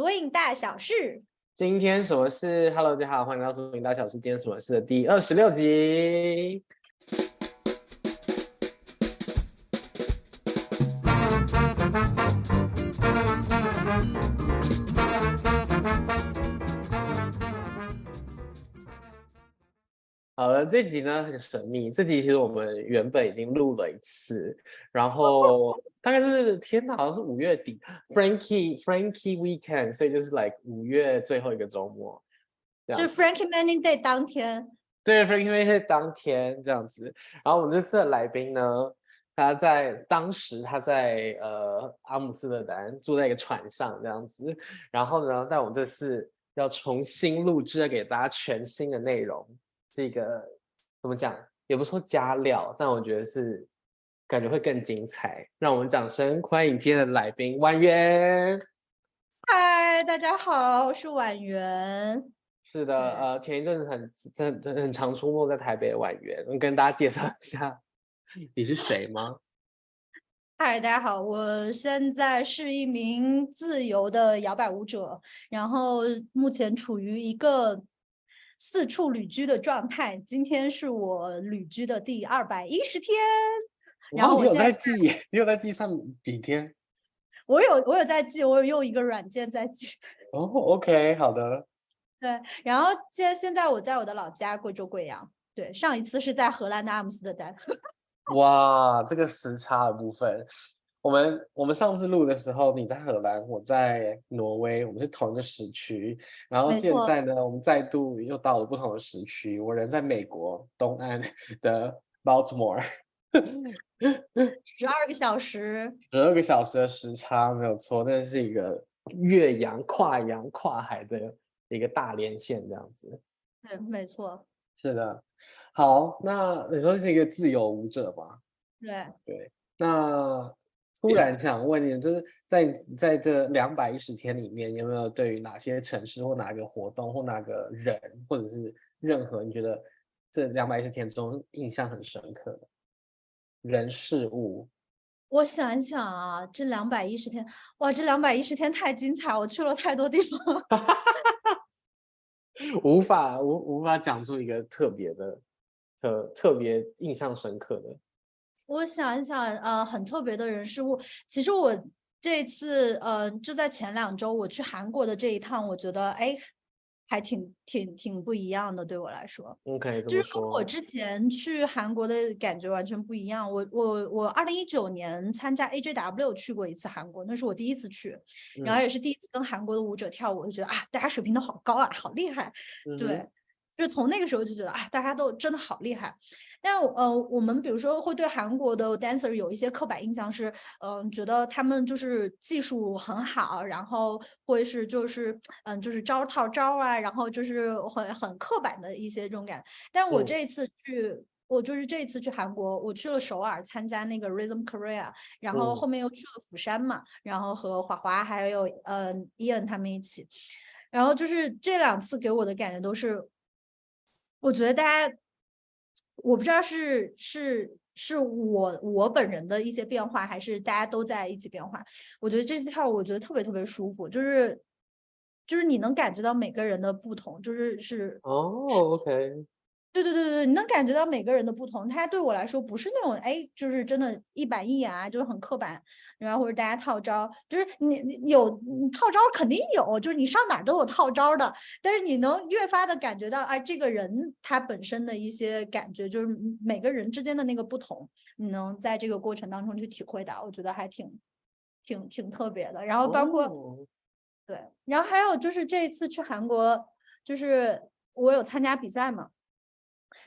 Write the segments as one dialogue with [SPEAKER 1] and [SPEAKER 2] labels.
[SPEAKER 1] Swing 大小事》
[SPEAKER 2] 今天什麼事？Hello，大家好，歡迎來到《Swing 大小事》今天什麼事的第二十六集。了、呃，這集呢很神秘。這集其實我們原本已經錄了一次，然後 大概是天吶，好像是五月底，Frankie Frankie Weekend，所以就是 like 五月最後一個週末，是
[SPEAKER 1] Frankie Manning Day 當天，
[SPEAKER 2] 對，Frankie Manning Day 當天這樣子。然後我們這次的來賓呢，他在當時他在呃阿姆斯特丹住在一個船上這樣子，然後呢，但我們這次要重新錄製，要給大家全新的內容。這個怎麼講，也不說加料，但我覺得是感覺會更精彩。讓我們掌聲歡迎今天的來賓婉媛。
[SPEAKER 1] 嗨，大家好，我是婉媛。
[SPEAKER 2] 是的，呃，前一陣子很很很，很常出沒在台北的婉媛，我跟大家介紹一下，你是誰嗎？
[SPEAKER 1] 嗨，大家好，我現在是一名自由的搖擺舞者，然後目前處於一個。四處旅居的狀態，今天是我旅居的第二百一十天。然後我
[SPEAKER 2] 現在又在記上幾天。
[SPEAKER 1] 我有我有在記，我有用一個軟件在記。
[SPEAKER 2] 哦，OK，好的。
[SPEAKER 1] 對，然後現現在我在我的老家貴州貴陽。對，上一次是在荷蘭的阿姆斯特丹。
[SPEAKER 2] 哇， 這個時差的部分。我們我們上次錄的時候，你在荷蘭，我在挪威，我們是同一個時區。然後現在呢，我們再度又到了不同的時區。我人在美國東岸的 Baltimore，
[SPEAKER 1] 十二 個小時，
[SPEAKER 2] 十二個小時的時差沒有錯，但是一個越洋、跨洋、跨海的一個大連線這樣子。對、
[SPEAKER 1] 嗯，沒錯，
[SPEAKER 2] 是的。好，那你說是一個自由舞者吧？
[SPEAKER 1] 對，
[SPEAKER 2] 對，那。突然想問你，就是在在這兩百一十天裡面，有沒有對於哪些城市或哪個活動或哪個人，或者是任何你覺得這兩百一十天之中印象很深刻的人事物？
[SPEAKER 1] 我想一想啊，這兩百一十天，哇，這兩百一十天太精彩，我去了太多地方了
[SPEAKER 2] 無法無無法講出一個特別的、特特別印象深刻的。
[SPEAKER 1] 我想一想，呃，很特別的人事物。其實我這次，呃，就在前兩周，我去韓國的這一趟，我覺得，哎，還挺挺挺不一樣的，對我來說。
[SPEAKER 2] OK，怎麼說？就是跟我之
[SPEAKER 1] 前去韓國的感覺完全不一樣。我我我，二零一九年參加 AJW 去過一次韓國，那是我第一次去，然後也是第一次跟韓國的舞者跳舞，就、嗯、覺得啊，大家水平都好高啊，好厲害，對。嗯就從那個時候就覺得啊、哎，大家都真的好厲害。但呃，我們比如說會對韓國的 dancer 有一些刻板印象是，是、呃、嗯，覺得他們就是技術很好，然後或是就是嗯，就是招套招啊，然後就是很很刻板的一些這種感。但我這一次去、嗯，我就是這一次去韓國，我去了首爾參加那個 Rhythm Korea，然後後面又去了釜山嘛，然後和華華還有呃 Ian 他們一起，然後就是這兩次給我的感覺都是。我覺得大家，我不知道是是是我我本人的一些變化，還是大家都在一起變化。我覺得這套我覺得特別特別舒服，就是就是你能感覺到每個人的不同，就是是
[SPEAKER 2] 哦，Oh, OK。
[SPEAKER 1] 對對對對，你能感覺到每個人的不同。他對我來說不是那種哎，就是真的，一板一眼啊，就是很刻板，然後或者大家套招，就是你，你有你套招肯定有，就是你上哪都有套招的。但是你能越發的感覺到，哎，這個人他本身的一些感覺，就是每個人之間的那個不同，你能在這個過程當中去體會到，我覺得還挺挺挺特別的。然後包括，哦，對，然後還有就是這一次去韓國，就是我有參加比賽嘛。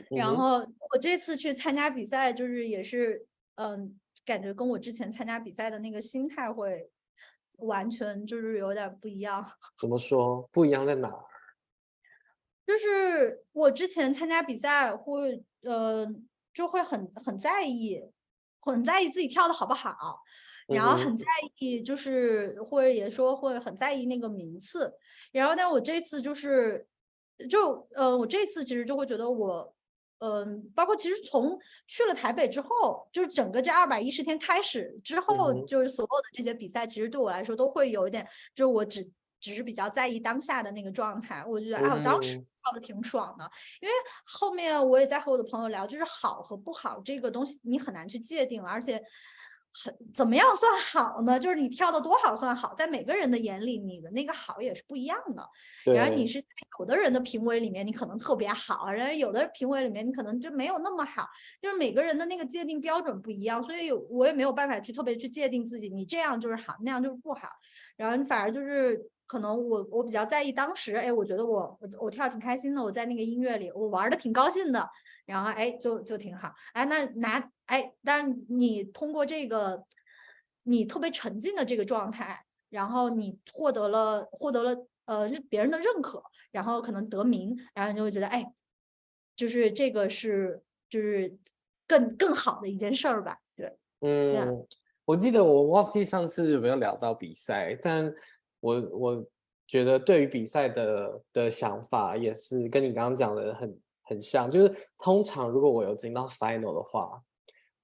[SPEAKER 1] 然後我這次去參加比賽，就是也是，嗯、呃，感覺跟我之前參加比賽的那個心態會完全就是有點不一樣。
[SPEAKER 2] 怎麼說？不一樣在哪兒？
[SPEAKER 1] 就是我之前參加比賽會，呃，就會很很在意，很在意自己跳得好不好，然後很在意，就是或者也說會很在意那個名次。然後，但我這次就是。就呃，我這次其實就會覺得我，嗯、呃，包括其實從去了台北之後，就是整個這二百一十天開始之後、嗯，就是所有的這些比賽，其實對我來說都會有一點，就我只只是比較在意當下的那個狀態。我覺得哎、啊，我當時跳的挺爽的、嗯，因為後面我也在和我的朋友聊，就是好和不好這個東西你很難去界定，而且。很怎麼樣算好呢？就是你跳得多好算好，在每個人的眼裡，你的那個好也是不一樣的。然後你是在有的人的評委裡面，你可能特別好，然而有的評委裡面，你可能就沒有那麼好。就是每個人的那個界定標準不一樣，所以我也沒有辦法去特別去界定自己，你這樣就是好，那樣就是不好。然後你反而就是可能我我比較在意當時，哎，我覺得我我我跳挺開心的，我在那個音樂裡，我玩的挺高興的，然後哎，就就挺好。哎，那拿。哎，但是你通過這個，你特別沉浸的這個狀態，然後你獲得了獲得了呃別人的認可，然後可能得名，然後你就會覺得哎，就是這個是就是更更好的一件事兒吧，對。嗯，
[SPEAKER 2] 我記得我忘記上次有沒有聊到比賽，但我我覺得對於比賽的的想法也是跟你剛剛講的很很像，就是通常如果我有進到 final 的話。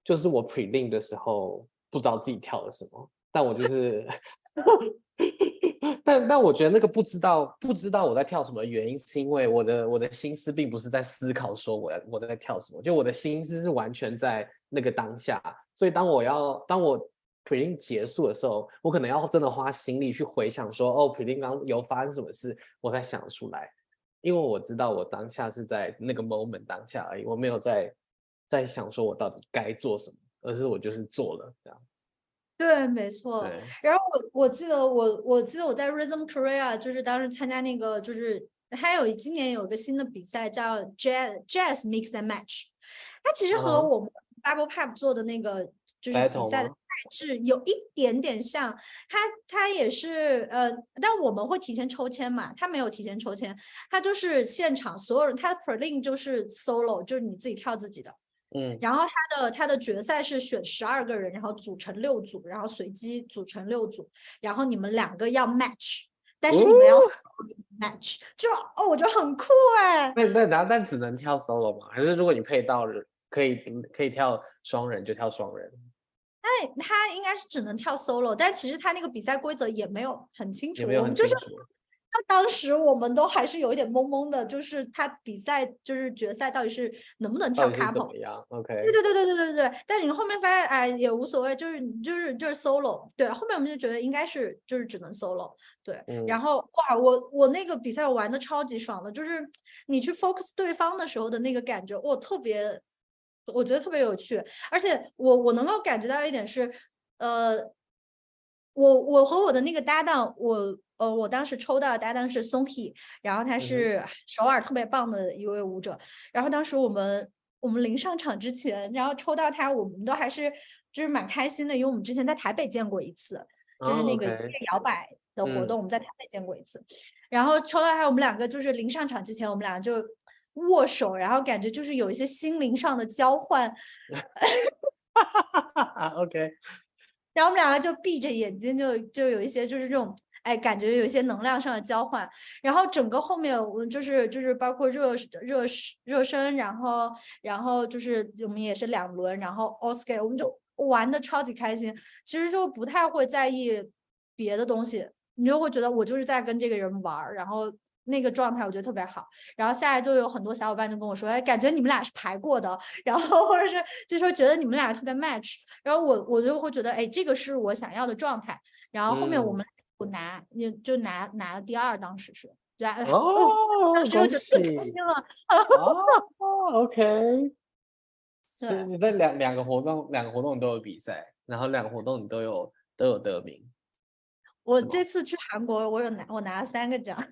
[SPEAKER 2] 就是我 prelim 的時候不知道自己跳了什麼，但我就是， 但但我覺得那個不知道不知道我在跳什麼原因是因為我的我的心思並不是在思考說我要我在跳什麼，就我的心思是完全在那個當下，所以當我要當我 prelim 結束的時候，我可能要真的花心力去回想說哦 prelim 剛剛有發生什麼事，我才想出來，因為我知道我當下是在那個 moment 當下而已，我沒有在。在想說我到底該做什麼，而是我就是做了這
[SPEAKER 1] 樣。對，沒錯。對。然後我我記得我我記得我在 Rhythm Korea，就是當時參加那個，就是還有今年有一個新的比賽叫 Jazz Jazz Mix and Match，它其實和我們 Bubble Pop 做的那個就是比賽的賽制有一點點像。它它也是呃，但我們會提前抽籤嘛，它沒有提前抽籤，它就是現場所有人，它的 Prelim 就是 Solo，就是你自己跳自己的。嗯，然後他的他的決賽是選十二個人，然後組成六組，然後隨機組成六組，然後你們兩個要 match，但是你們要 match，就哦，我覺得很酷哎。
[SPEAKER 2] 那那然後但只能跳 solo 嗎？還是如果你配到，可以可以跳雙人就跳雙人？
[SPEAKER 1] 哎，他應該是只能跳 solo，但其實他那個比賽規則也沒有很清楚，沒有很清楚。那當時我們都還是有一點懵懵的，就是他比賽就是決賽到底是能不能跳卡普？怎麼樣
[SPEAKER 3] ？OK. 對對
[SPEAKER 1] 對對對對對。但你們後面發現，哎，也無所謂，就是就是就是 solo。對，後面我們就覺得應該是就是只能 solo 對。對、嗯。然後哇，我我那個比賽我玩得超級爽的，就是你去 focus 對方的時候的那個感覺，哇，特別，我覺得特別有趣。而且我我能夠感覺到一點是，呃，我我和我的那個搭檔我。呃、哦，我當時抽到的搭檔是松皮，然後他是首爾特別棒的一位舞者。嗯、然後當時我們我們臨上場之前，然後抽到他，我們都還是就是蠻開心的，因為我們之前在台北見過一次，就是那個搖擺的活動，哦、okay, 我們在台北見過一次，嗯。然後抽到他，我們兩個就是臨上場之前，我們倆就握手，然後感覺就是有一些心靈上的交換。哈
[SPEAKER 3] 哈哈 OK。
[SPEAKER 1] 然後我們兩個就閉着眼睛，就就有一些就是這種。哎，感覺有一些能量上的交換，然後整個後面我們就是就是包括熱熱熱身，然後然後就是我們也是兩輪，然後 all skate，我們就玩得超級開心，其實就不太會在意別的東西，你就會覺得我就是在跟這個人玩，然後那個狀態我覺得特別好，然後下來就有很多小伙伴就跟我說，哎，感覺你們倆是排過的，然後或者是就說覺得你們倆特別 match，然後我我就會覺得哎，這個是我想要的狀態，然後後面我們。我拿你就拿拿了第二，當時是對啊，oh, 當時 oh, oh, okay. 對，啊，哦，當時就更開心了。OK，所
[SPEAKER 2] 以你在兩兩個活動兩個活動都有比賽，然後兩個活動你都有都有得名。
[SPEAKER 1] 我這次去韓國，我有拿我拿了三個獎，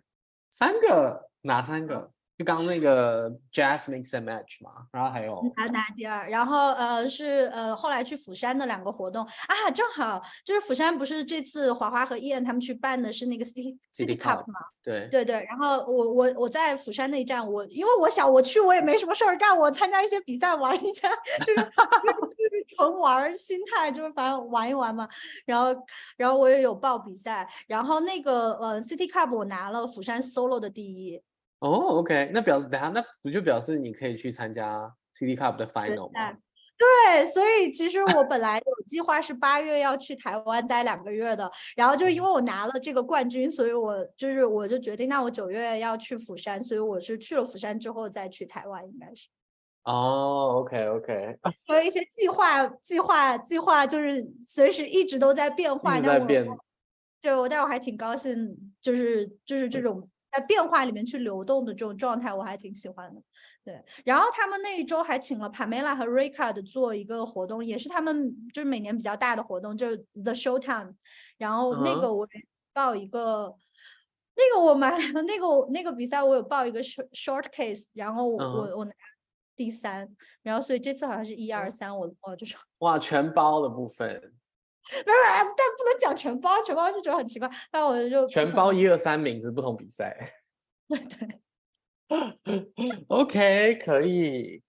[SPEAKER 1] 三個
[SPEAKER 2] 哪三個？ 就剛剛那個 Jazz Mix and Match 嘛，然
[SPEAKER 1] 後還有拿拿第二，然後呃是呃後來去釜山的兩個活動啊，正好就是釜山不是這次華華和燕他們去辦的是那個 City City Cup 嘛。對對對，然後我我我在釜山那一站我我因為我想我去我也沒什麼事兒幹，我參加一些比賽玩一下，就是 就是純玩心態，就是反正玩一玩嘛。然後然後我也有報比賽，然後那個呃 City Cup 我拿了釜山 solo 的第一。
[SPEAKER 2] 哦、oh,，OK，那表示等下那不就表示你可以去參加 CD Cup 的 Final 嗎？對,
[SPEAKER 1] 對，所以其實我本來有計劃是八月要去台灣待兩個月的， 然後就是因為我拿了這個冠軍，所以我就是我就決定那我九月要去釜山，所以我是去了釜山之後再去台灣，應該是。
[SPEAKER 2] 哦，OK，OK。
[SPEAKER 1] 所以一些計劃，計劃，計劃，就是隨時一直都在變化，一直在變。對，我，但我還挺高興，就是就是這種。在變化裡面去流動的這種狀態，我還挺喜歡的。對，然後他們那一周還請了 Pamela 和 Rikard 做一個活動，也是他們就是每年比較大的活動，就是 The Showtime。然後那個我報一個，uh -huh. 那個我買，那個我那個比賽我有報一個 short short case，然後我我、uh -huh. 我拿第三。然後所以這次好像是一二三，我哦就是
[SPEAKER 2] 哇，全包的部分。
[SPEAKER 1] 沒有，但不能講全包，全包就覺得很奇怪。那我就全包
[SPEAKER 2] 一二三名是不同比賽。對 對。OK，可以。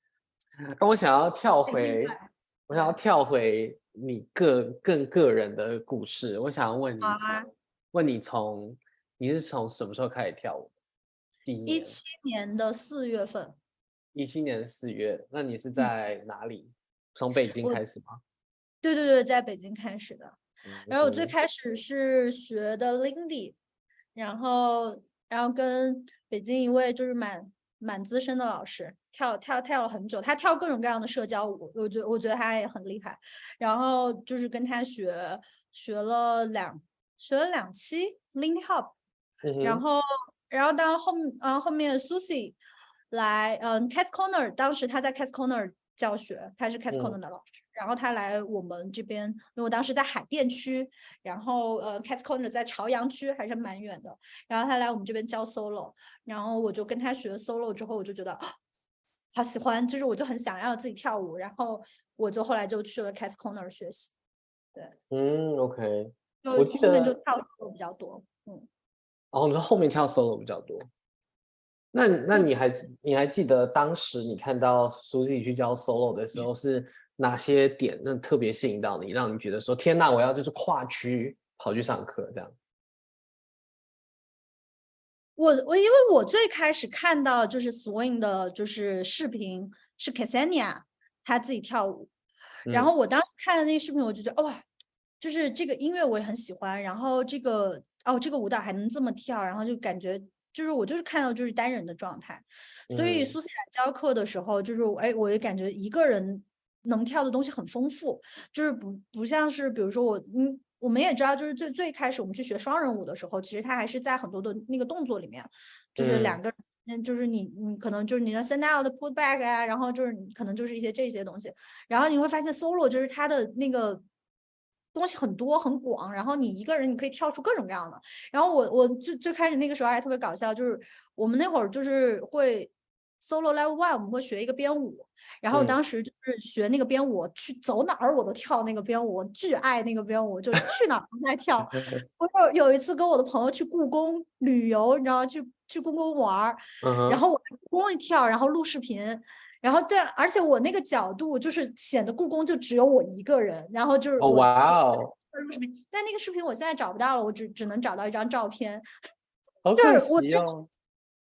[SPEAKER 2] 那我想要跳回，我想要跳回你個更個人的故事。我想要問你、啊，問你從你是從什麼時候開始跳舞？一七年，
[SPEAKER 1] 年的四月份。
[SPEAKER 2] 一七年四月，那你是在哪裡？嗯、從北京開始嗎？
[SPEAKER 1] 對對對，在北京開始的，
[SPEAKER 2] 然後我最
[SPEAKER 1] 開始是學的 Lindy，、okay. 然後然後跟北京一位就是蠻蠻資深的老師跳跳跳了很久，他跳各種各樣的社交舞，我覺我覺得他也很厲害，然後就是跟他學學了兩學了兩期 Lindy Hop，、mm -hmm. 然後然後到後然後、呃、後面 Susie 來嗯、呃、，Cats Corner，當時他在 Cats Corner 教學，他是 Cats Corner 的老師。Mm -hmm. 然後他來我們這邊，因為我當時在海澱區，然後呃，Cats Corner 在朝陽區，還是蠻遠的。然後他來我們這邊教 solo，然後我就跟他學 solo 之後，我就覺得哦，好喜歡，就是我就很想要自己跳舞。然後我就後來就去了 Cats Corner 學習。對，嗯，OK，
[SPEAKER 2] 就後面就跳
[SPEAKER 1] solo 比較多，我
[SPEAKER 2] 記得，嗯。哦，你說後面跳 solo 比較多，那那你還你還記得當時你看到 Suzy 去教 solo 的時候是？Yeah. 哪些點那特別吸引到你，讓你覺得說天哪，我要就是跨區跑去上課這樣？
[SPEAKER 1] 我我因為我最開始看到就是 swing 的，就是視頻是 Ksenia 他自己跳舞、嗯，然後我當時看的那視頻，我就覺得哇、哦，就是這個音樂我也很喜歡，然後這個哦這個舞蹈還能這麼跳，然後就感覺就是我就是看到就是單人的狀態，所以蘇西亞教課的時候，就是哎我也感覺一個人。能跳的東西很豐富，就是不不像是，比如說我，嗯，我們也知道，就是最最開始我們去學雙人舞的時候，其實它還是在很多的那個動作裡面，就是兩個，嗯，就是你，你可能就是你的 send out、put back 啊，然後就是你可能就是一些這些東西，然後你會發現 solo 就是它的那個東西很多很廣，然後你一個人你可以跳出各種各樣的。然後我我最最開始那個時候還特別搞笑，就是我們那會兒就是會。Solo Live One，我們會學一個編舞，
[SPEAKER 3] 然後當時
[SPEAKER 1] 就是學那個編舞，嗯、去走哪兒我都跳那個編舞，巨愛那個編舞，就去哪兒都在跳。 我有一次跟我的朋友去故宮旅遊，你知道，去去故宮玩兒、嗯，然後我故宮一跳，然後錄視頻，然後對，而且我那個角度就是顯得故宮就只有我一個人，然後就是、哦、哇哦，錄視頻，但那個視頻我現在找不到了，我只只能找到一張照片，
[SPEAKER 2] 就是、哦、我就。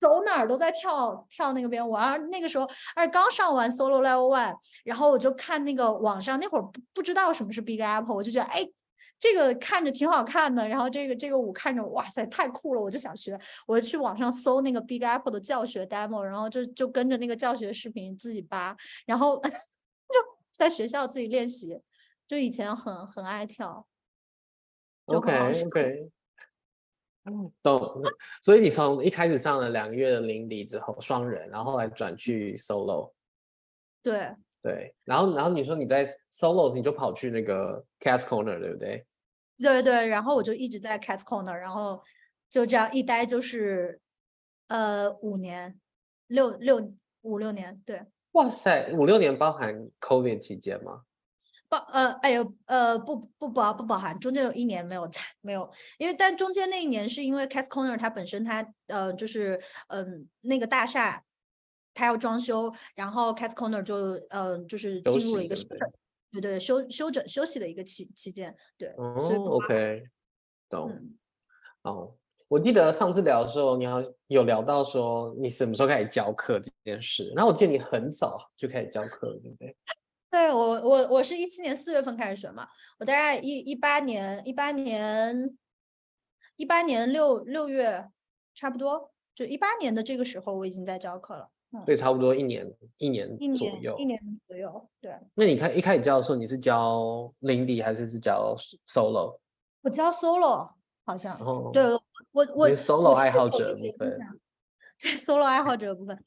[SPEAKER 1] 走哪兒都在跳跳那個編舞，而那個時候，而剛上完 solo level one，然後我就看那個網上，那會兒不不知道什麼是 big apple，我就覺得哎，這個看着挺好看的，然後這個這個舞看着哇塞太酷了，我就想學，我就去網上搜那個 big apple 的教學 demo，然後就就跟着那個教學視頻自己扒，然後就在學校自己練習，就以前很很愛跳。OK OK。
[SPEAKER 2] 懂，所以你從一開始上了兩個月的林迪之後，雙人，然後，後來轉去 solo，對對，然後然後你說你在 solo，你就跑去那個 Cats Corner，對不對？
[SPEAKER 1] 對對，然後我就一直在 Cats Corner，然後就這樣一待就是呃五年六六五六年，對。
[SPEAKER 2] 哇塞，五六年包含 COVID 期間嗎？
[SPEAKER 1] 包呃哎呦呃不不包不，不包含中間有一年沒有在沒有，因為但中間那一年是因為 Cats Corner 它本身它呃就是嗯、呃、那個大廈它要裝修，然後 Cats Corner 就嗯、呃、就是進入了一個休休對，對，對對休，休整、休息的一個期期間。對哦 OK
[SPEAKER 2] 懂、嗯、哦我記得上次聊的時候你好像有聊到說你什麼時候開始教課這件事然後我記得你很早就開始教課了對不對？
[SPEAKER 1] 對我，我我是一七年四月份開始學嘛，我大概一一八年，一八年，一八年六六月，差不多，就一八年的這個時候我已經在教課了。對、嗯，
[SPEAKER 2] 差不多一年，一年，一年左右，一
[SPEAKER 1] 年左
[SPEAKER 2] 右。對。那你看一開始教的時候，你是教林迪還是是教 solo？
[SPEAKER 1] 我教 solo，好像。哦、對，我我 solo 愛好者的部分。對 solo 愛好者的部分，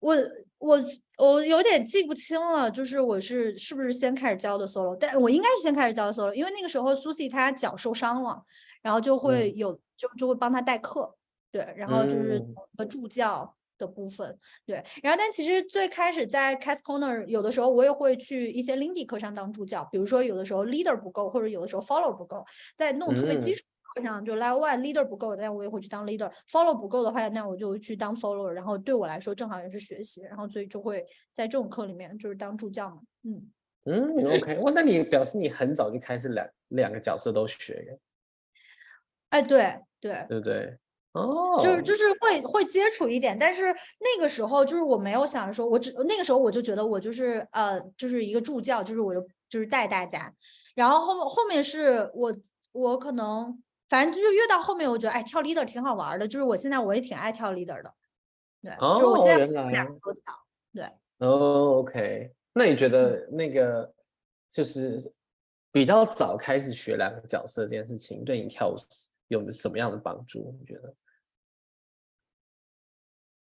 [SPEAKER 1] 我。我我我我 我我有點記不清了，就是我是是不是先開始教的 solo，但我應該是先開始教的 solo，因為那個時候 Susie 她腳受傷了，然後就會有、嗯、就就會幫她代課，對，然後就是呃助教的部分、嗯，對，然後但其實最開始在 Cats Corner 有的時候我也會去一些 Lindy 課上當助教，比如說有的時候 leader 不夠，或者有的時候 follower 不夠，在弄特別基礎、嗯。就例外，leader 不夠，但我也會去當 leader；follow 不夠的話，那我就去當 follower。然後對我來說，正好也是學習。然後所以就會在這種課裡面就是當助教嘛。嗯
[SPEAKER 2] 嗯，OK。哇，那你表示你很早就開始兩兩個角色都學。哎，對對
[SPEAKER 1] 對對，哦、oh.，
[SPEAKER 2] 就是就
[SPEAKER 1] 是會會接觸一點，但是那個時候就是我沒有想說，我只那個時候我就覺得我就是呃就是一個助教，就是我就就是帶大家。然後後，後面是我我可能。反正就越到後面，我覺得哎，跳 leader 挺好玩的。就是我現在我也挺愛跳 leader 的，對，哦，就是我現在我兩個都跳。
[SPEAKER 2] 對，哦，OK，那你覺得那個就是比較早開始學兩個角色這件事情，對你跳舞有什麼樣的幫助？我覺得，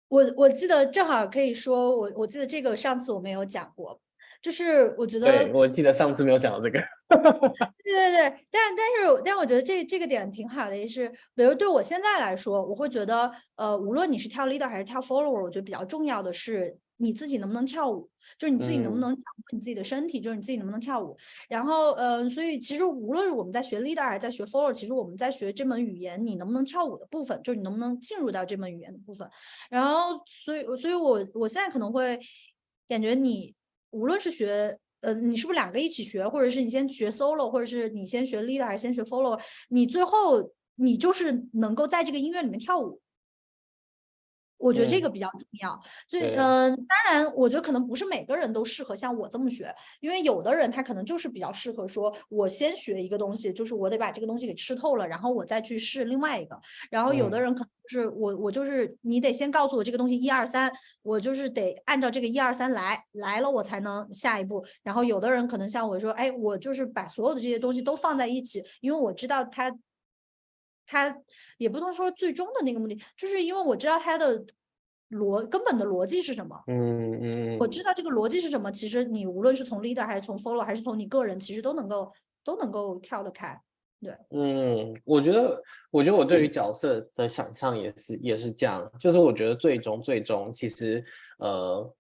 [SPEAKER 1] 我我記得正好可以說，我我記得這個上次我們有講過。就是我覺得對，
[SPEAKER 2] 我記得上次沒有講到這個 。
[SPEAKER 1] 對對對，但但是但我覺得這這個點挺好的，也是，比如對我現在來說，我會覺得，呃，無論你是跳 leader 還是跳 follower，我覺得比較重要的是你自己能不能跳舞，就是你自己能不能掌握你自己的身體，嗯、就是你自己能不能跳舞。然後，呃，所以其實無論我們在學 leader 還是在學 follower，其實我們在學這門語言，你能不能跳舞的部分，就是你能不能進入到這門語言的部分。然後，所以所以我我現在可能會感覺你。無論是學，呃，你是不是兩個一起學，或者是你先學 solo，或者是你先學 leader 還是先學 follow，你最後你就是能夠在這個音樂裡面跳舞。我覺得這個比較重要，所以嗯、呃，當然，我覺得可能不是每個人都適合像我這麼學，因為有的人他可能就是比較適合說，我先學一個東西，就是我得把這個東西給吃透了，然後我再去試另外一個。然後有的人可能是我，我就是你得先告訴我這個東西一二三，我就是得按照這個一二三來，來了我才能下一步。然後有的人可能像我說，哎，我就是把所有的這些東西都放在一起，因為我知道他。他也不能說最終的那個目的，就是因為我知道他的邏根本的邏輯是什麼。嗯嗯，我知道這個邏輯是什麼。其實你無論是從 leader 還是從 follow，還是從你個人，其實都能夠都能夠跳得開。對，嗯，
[SPEAKER 2] 我覺得，我覺得我對於角色的想象也是、嗯、也是這樣。就是我覺得最終最終其實呃，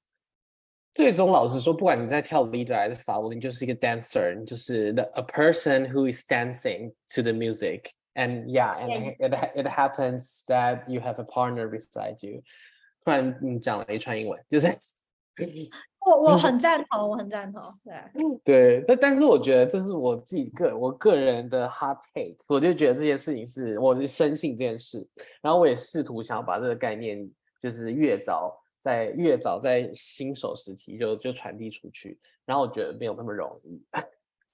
[SPEAKER 2] 最終老實說，不管你在跳 leader 還是 follow，你就是一個 dancer，你就是 the, a person who is dancing to the music。And yeah, and it it happens that you have a partner beside you，突然、嗯、講了一串英文，就是
[SPEAKER 1] 我我很贊同，我很贊同， 贊同
[SPEAKER 2] 對對，但但是我覺得這是我自己個我個人的 hot take，我就覺得這件事情是我就深信這件事，然後我也試圖想要把這個概念，就是越早在越早在新手時期就就傳遞出去，然後我覺得沒有那麼容易。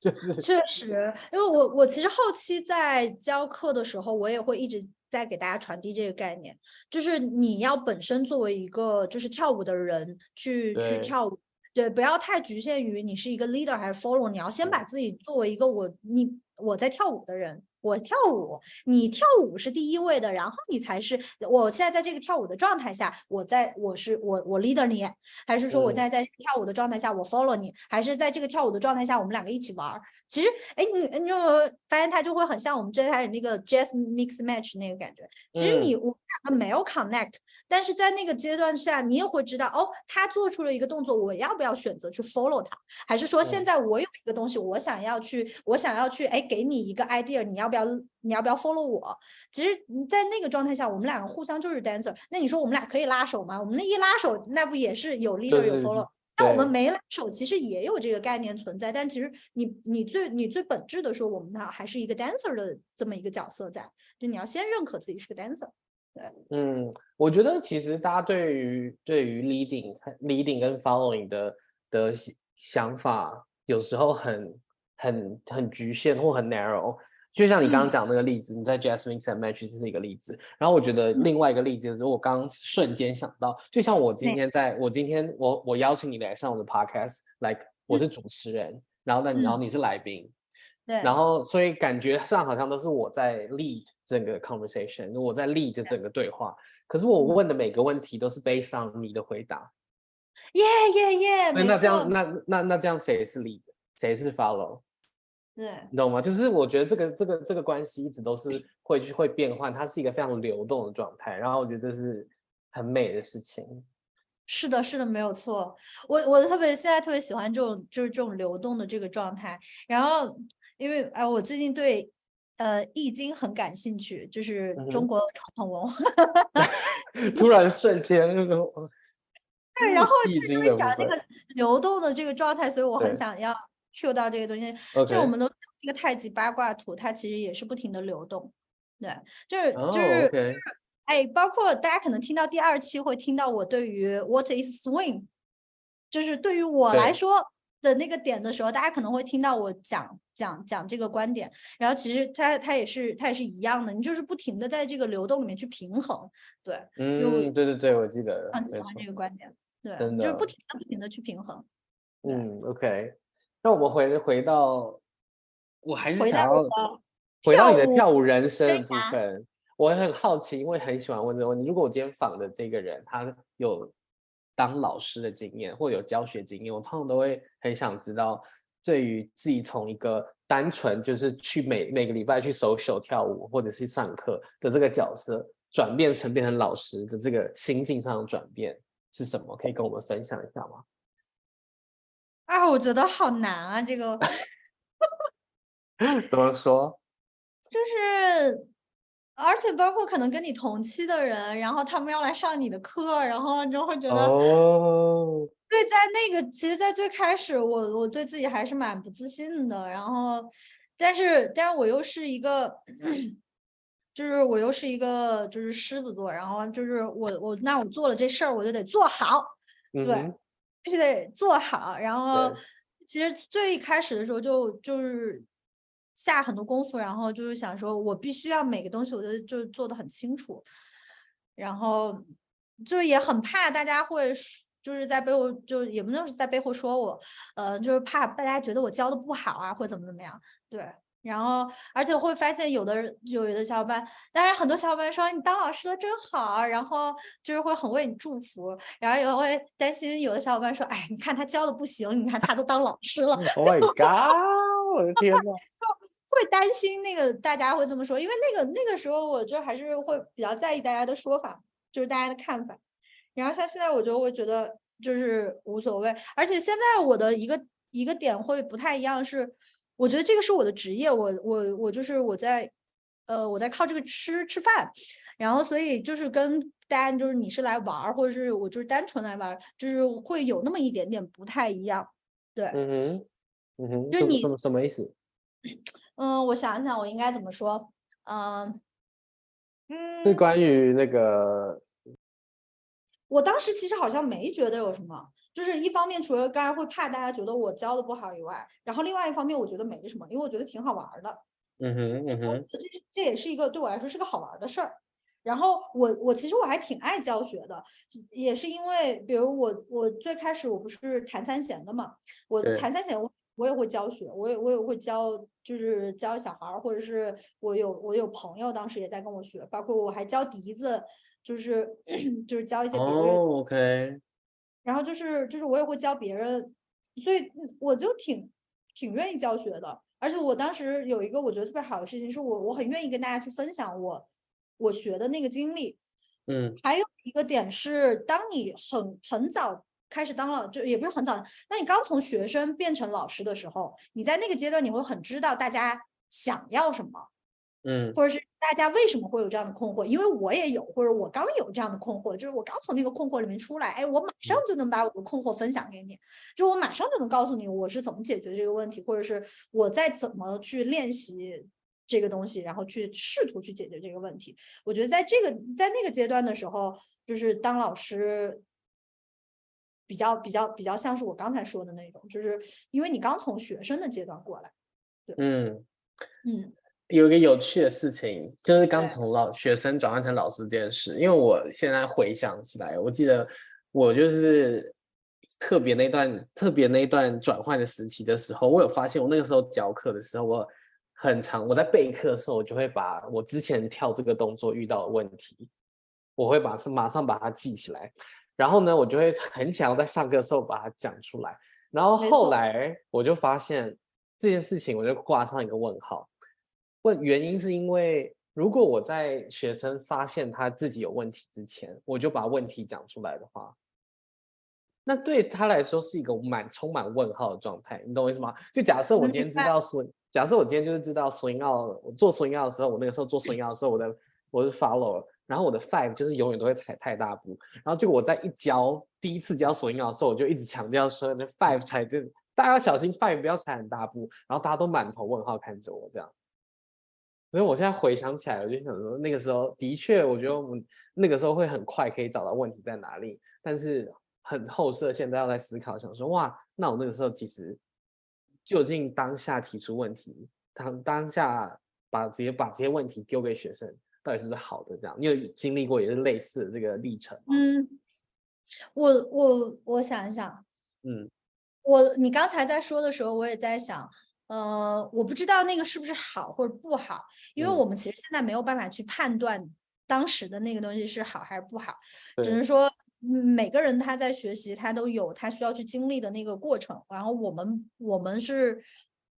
[SPEAKER 2] 確
[SPEAKER 3] 實，
[SPEAKER 1] 因為我我其實後期在教課的時候，我也會一直在給大家傳遞這個概念，就是你要本身作為一個就是跳舞的人去去跳舞，對，不要太局限於你是一個 leader 還是 follower，你要先把自己作為一個我，你。我在跳舞的人，我跳舞，你跳舞是第一位的，然後你才是。我現在在這個跳舞的狀態下，我在我是我我 leader 你，還是說我現在在跳舞的狀態下我 follow 你，還是在這個跳舞的狀態下我們兩個一起玩兒？其實，哎，你你就發現他就會很像我們最開始那個 Jazz mix match 那個感覺。其實你我們兩個沒有 connect，嗯，但是在那個階段下，你也會知道哦，他做出了一個動作，我要不要選擇去 follow 他？還是說現在我有一個東西我，嗯，我想要去，我想要去，哎。給你一個 idea，你要不要？你要不要 follow 我？其實你在那個狀態下，我們兩個互相就是 dancer。那你說我們倆可以拉手嗎？我們那一拉手，那不也是有 leader 有 follow？那我們沒拉手，其實也有這個概念存在。但其實你你最你最本質的說，我們倆還是一個 dancer 的這麼一個角色在。就你要先認可自己是個 dancer。對，
[SPEAKER 2] 嗯，我覺得其實大家對於對於 leading leading 跟 following 的的想法，有時候很很很局限或很 narrow，就像你剛剛講的那個例子，嗯、你在 Jasmine set match 就是一個例子。然後我覺得另外一個例子就是我剛瞬間想到，就像我今天在，嗯、我今天我我邀請你來上我的 podcast，like 我是主持人，嗯、然後呢，然後你是來賓，
[SPEAKER 3] 對、嗯，然
[SPEAKER 2] 後所以感覺上好像都是我在 lead 整個 conversation，我在 lead 整個對話，嗯、可是我問的每個問題都是 based on 你的回答。
[SPEAKER 3] Yeah yeah yeah，那、哎、那這樣
[SPEAKER 2] 那那那這樣誰是 lead，誰是 follow？對，你懂嗎？就是我覺得這個這個這個關係一直都是會去會變換，它是一個非常流動的狀態。然後我覺得這是很美的事情。
[SPEAKER 1] 是的，是的，沒有錯。我我特別現在特別喜歡這種就是這種流動的這個狀態。然後因為哎、呃，我最近對呃《易經》很感興趣，就是中國傳統文化。
[SPEAKER 2] 突然瞬間那個。
[SPEAKER 1] 對，然後就是因為講那個流動的這個狀態，所以我很想要對。Q 到這個東西，就、okay. 我們的這個太極八卦圖，它其實也是不停的流動，對，就是、oh, 就是
[SPEAKER 3] ，okay.
[SPEAKER 1] 哎，包括大家可能聽到第二期會聽到我對於 what is swing，就是對於我來說的那個點的時候，大家可能會聽到我講講講這個觀點，然後其實它它也是它也是一樣的，你就是不停的在這個流動裡面去平衡，對，嗯，
[SPEAKER 2] 對對對，我記得很喜歡這
[SPEAKER 1] 個觀點，對，就是不停的不停的去平衡，
[SPEAKER 2] 對，嗯，OK。那我們回回到，我還是想要回
[SPEAKER 1] 到，回到你的跳
[SPEAKER 2] 舞人生的部分。我很好奇，因為很喜歡問這個問題。如果我今天訪的這個人他有當老師的經驗，或有教學經驗，我通常都會很想知道，對於自己從一個單純就是去每每個禮拜去 social 跳舞，或者是上課的這個角色，轉變成變成老師的這個心境上的轉變是什麼？可以跟我們分享一下嗎？
[SPEAKER 1] 啊、哎，我覺得好難啊！這個
[SPEAKER 2] 怎麼說？
[SPEAKER 1] 就是，而且包括可能跟你同期的人，然後他們要來上你的課，然後你就會覺得哦。
[SPEAKER 2] Oh.
[SPEAKER 1] 對，在那個，其實，在最開始我，我我對自己還是蠻不自信的。然後，但是，但是我又是一個，就是我又是一個，就是獅子座。然後就是我我那我做了這事兒，我就得做好，mm-hmm. 對。必須得做好，然後其實最一開始的時候就就是下很多功夫，然後就是想說，我必須要每個東西我都就做得很清楚，然後就是也很怕大家會就是在背後就也不能是在背後說我，呃，就是怕大家覺得我教得不好啊，或怎麼怎麼樣，對。然後，而且會發現有的人就有的小夥伴，當然很多小夥伴說你當老師了真好，然後就是會很為你祝福，然後也會擔心有的小夥伴說，哎，你看他教的不行，你看他都當老師了。Oh my
[SPEAKER 3] god！我 的天哪，
[SPEAKER 1] 會擔心那個大家會這麼說，因為那個那個時候我就還是會比較在意大家的說法，就是大家的看法。然後像現在我就會覺得就是無所謂，而且現在我的一個一個點會不太一樣是。我覺得這個是我的職業，我我我就是我在，呃，我在靠這個吃吃飯，然後所以就是跟大家就是你是來玩兒，或者是我就是單純來玩，就是會有那麼一點點不太一樣，對，嗯哼，嗯哼，
[SPEAKER 2] 就你什麼什麼意思？
[SPEAKER 1] 嗯，我想想，我應該怎麼說？嗯，嗯，是
[SPEAKER 2] 關於那個，
[SPEAKER 1] 我當時其實好像沒覺得有什麼。就是一方面，除了剛才會怕大家覺得我教的不好以外，然後另外一方面，我覺得沒什麼，因為我覺得挺好玩的。嗯哼，
[SPEAKER 3] 嗯
[SPEAKER 1] 哼，這這也是一個對我來說是個好玩的事兒。然後我我其實我還挺愛教學的，也是因為比如我我最開始我不是彈三弦的嘛，我彈三弦我我也會教學，我也我也會教就是教小孩兒，或者是我有我有朋友當時也在跟我學，包括我還教笛子，就是就是教一些哦。Oh, OK。然後就是就是我也會教別人，所以我就挺挺願意教學的。而且我當時有一個我覺得特別好的事情，是我我很願意跟大家去分享我我學的那個經歷。嗯，還有一個點是，當你很很早開始當了，就也不是很早，那你剛從學生變成老師的時候，你在那個階段你會很知道大家想要什麼。嗯，或者是大家為什麼會有這樣的困惑？因為我也有，或者我剛有這樣的困惑，就是我剛從那個困惑裡面出來，哎，我馬上就能把我的困惑分享給你，嗯、就我馬上就能告訴你我是怎麼解決這個問題，或者是我在怎麼去練習這個東西，然後去試圖去解決這個問題。我覺得在這個在那個階段的時候，就是當老師比較比較比較像是我剛才說的那種，就是因為你剛從學生的階段過來，
[SPEAKER 2] 對，嗯，嗯。有一個有趣的事情，就是剛從老學生轉換成老師這件事。因為我現在回想起來，我記得我就是特別那段特別那一段轉換的時期的時候，我有發現，我那個時候教課的時候，我很常我在備課的時候，我就會把我之前跳這個動作遇到的問題，我會把是馬上把它記起來，然後呢，我就會很想要在上課的時候把它講出來，然後後來我就發現這件事情，我就掛上一個問號。問原因是因為，如果我在學生發現他自己有問題之前，我就把問題講出來的話，那對他來說是一個蠻充滿問號的狀態，你懂我意思嗎？就假設我今天知道索， 假設我今天就是知道 swing out 我做 swing out 的時候，我那個時候做 swing out 的時候，我的我是 follow 了，然後我的 five 就是永遠都會踩太大步，然後就我在一教第一次教 swing out 的時候，我就一直強調說，那 five 踩這大家要小心 five 不要踩很大步，然後大家都滿頭問號看着我這樣。所以我現在回想起來，我就想說，那個時候的確，我覺得我們那個時候會很快可以找到問題在哪裡，但是很後設，現在要在思考，想說，哇，那我那個時候其實究竟當下提出問題，當當下把直接把，把這些問題丟給學生，到底是不是好的？這樣，你有經歷過也是類似的這個歷程？
[SPEAKER 1] 嗯，我我我想一想，嗯，我你剛才在說的時候，我也在想。呃，我不知道那個是不是好或者不好，因為我們其實現在沒有辦法去判斷當時的那個東西是好還是不好，嗯，只能說每個人他在學習，他都有他需要去經歷的那個過程。然後我們我們是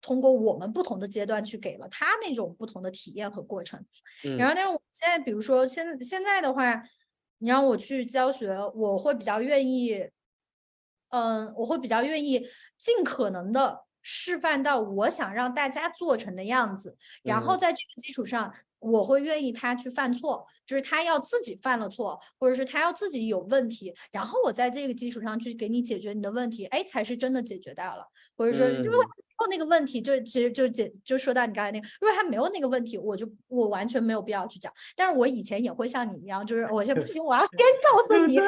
[SPEAKER 1] 通過我們不同的階段去給了他那種不同的體驗和過程。嗯，然後但是我現在比如說，現現在的話，你讓我去教學，我會比較願意，嗯，呃，我會比較願意盡可能的。示範到我想讓大家做成的樣子，然後在這個基礎上，我會願意他去犯錯，就是他要自己犯了錯，或者是他要自己有問題，然後我在這個基礎上去給你解決你的問題，哎，才是真的解決到了。或者說，如果沒有那個問題，就其實就解就說到你剛才那個，如果他沒有那個問題，我就我完全沒有必要去講。但是我以前也會像你一樣，就是我說不行，我要先告訴你不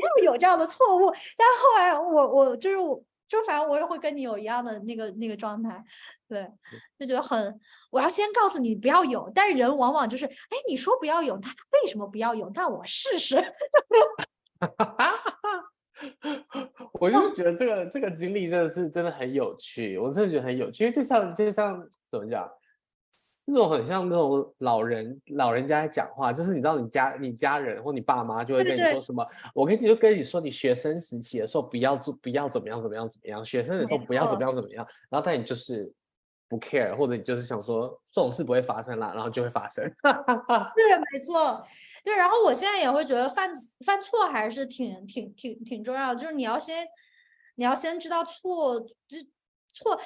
[SPEAKER 1] 要有，有這樣的錯誤。但後來我我就是我。就反正我也會跟你有一樣的那個那個狀態，對，就覺得很，我要先告訴你不要有，但是人往往就是，哎，你說不要有，他為什麼不要有？那我試試。
[SPEAKER 2] 我就覺得這個這個經歷真的是真的很有趣，我真的覺得很有趣，因為就像就像怎麼講？那種很像那種老人老人家在講話，就是你知道你家你家人或你爸媽就會跟你說什麼，對對對，我跟你就跟你說你學生時期的時候不要做不要怎麼樣怎麼樣怎麼樣，學生的時候不要怎麼樣怎麼樣，然後但你就是不 care，或者你就是想說這種事不會發生啦，然後就會發生。
[SPEAKER 1] 對，沒錯，對。然後我現在也會覺得犯犯錯還是挺挺挺挺重要的，就是你要先你要先知道錯就錯。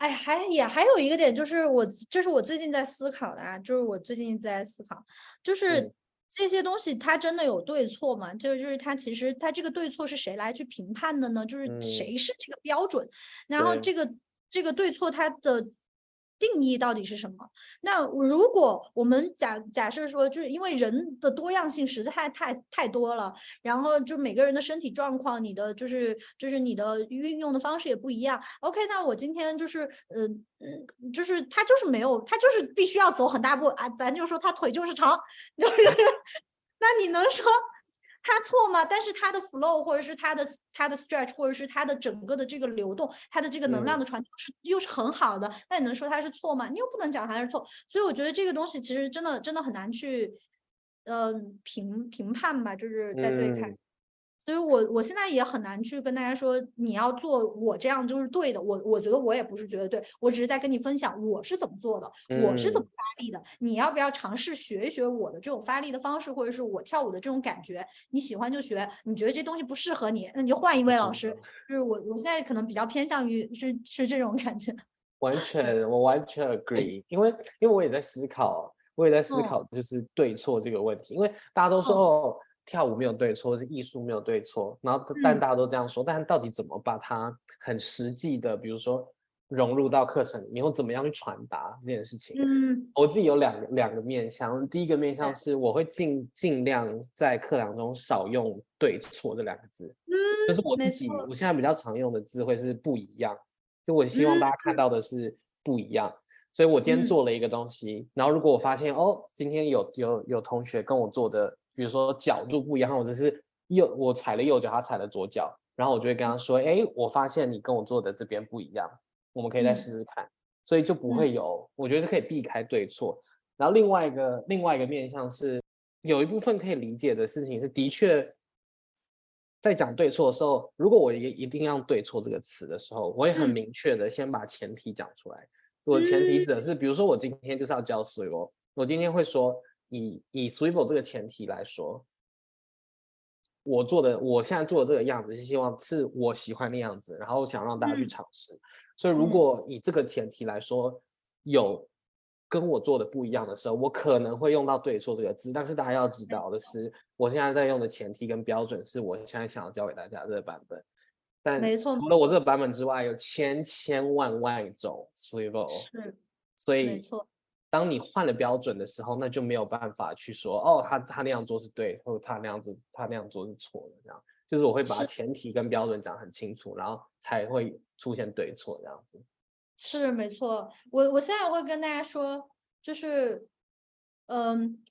[SPEAKER 1] 哎，還也還有一個點，就是我，就是我最近在思考的啊，就是我最近在思考,就是這些東西它真的有對錯嗎？就是、嗯、就是它其實它這個對錯是誰來去評判的呢？就是誰是這個標準？嗯、然後這個這個對錯它的。定義到底是什麼？那如果我們假假設說，就是因為人的多樣性實在太太太多了，然後就每個人的身體狀況、你的就是就是你的運用的方式也不一樣。OK，那我今天就是嗯嗯、呃，就是他就是沒有，他就是必須要走很大步啊。咱就說他腿就是長， 那你能說？它錯嗎？但是它的 flow 或者是它的它的 stretch 或者是它的整個的這個流動，它的這個能量的傳遞是又是很好的，那、嗯、你能說它是錯嗎？你又不能講它是錯，所以我覺得這個東西其實真的真的很難去，嗯、呃、評評判吧，就是在這一塊。嗯所以我我現在也很難去跟大家說，你要做我這樣就是對的，我我覺得我也不是覺得對，我只是在跟你分享我是怎麼做的、嗯，我是怎麼發力的，你要不要嘗試學一學我的這種發力的方式，或者是我跳舞的這種感覺？你喜歡就學，你覺得這東西不適合你，那你就換一位老師。嗯、就是我我現在可能比較偏向於是是這種感覺。
[SPEAKER 2] 完全，我完全 agree，因為因為我也在思考，我也在思考就是對錯這個問題，嗯、因為大家都說哦。嗯跳舞沒有對錯，是藝術沒有對錯。然後，但大家都這樣說、嗯,但到底怎麼把它很實際的，比如說融入到課程裡面，你會怎麼樣去傳達這件事情？嗯，我自己有兩個兩個面向，第一個面向是我會盡盡量在課堂中少用“對錯”這兩個字，
[SPEAKER 3] 嗯，就是我自己我
[SPEAKER 2] 現在比較常用的字會是不一樣，就我希望大家看到的是不一樣。嗯、所以我今天做了一個東西，嗯、然後如果我發現哦，今天有有有同學跟我做的。比如說角度不一樣，我只是右我踩了右腳，他踩了左腳，然後我就會跟他說：“哎、嗯，我發現你跟我做的這邊不一樣，我們可以再試試看。嗯”所以就不會有，我覺得可以避開對錯。嗯、然後另外一個另外一個面向是，有一部分可以理解的事情是，的確在講對錯的時候，如果我也一定要對錯這個詞的時候，我也很明確的先把前提講出來。嗯、我的前提指的是，比如說我今天就是要澆水，哦，我今天會說。以以 Swivel 這個前提來說，我做的我現在做的這個樣子是希望是我喜歡的樣子，然後想讓大家去嘗試。嗯、所以，如果以這個前提來說，嗯，有跟我做的不一樣的時候，我可能會用到對錯這個字。但是大家要知道的是，我現在在用的前提跟標準是我現在想要教給大家的這個版本。但沒錯，除了我這個版本之外，有千千萬萬種 Swivel、嗯。所以當你換了標準的時候，那就沒有辦法去說哦，他他那樣做是對，或者他那樣子他那樣做是錯的。這樣就是我會把前提跟標準講很清楚，然後才會出現對錯這樣子。
[SPEAKER 1] 是沒錯，我我現在會跟大家說，就是嗯，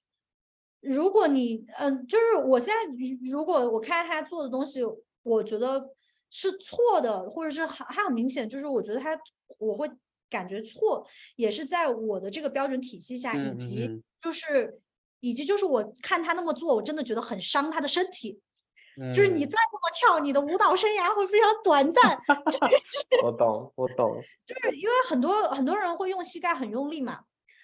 [SPEAKER 1] 如果你嗯，就是我現在如果我看他做的東西，我覺得是錯的，或者是還還很明顯，就是我覺得他我會。感覺錯也是在我的這個標準體系下，以及就是，以及就是我看他那麼做，我真的覺得很傷他的身體。嗯、就是你再這麼跳，你的舞蹈生涯會非常短暫。
[SPEAKER 2] 我懂，我懂。
[SPEAKER 1] 就是因為很多很多人會用膝蓋很用力嘛。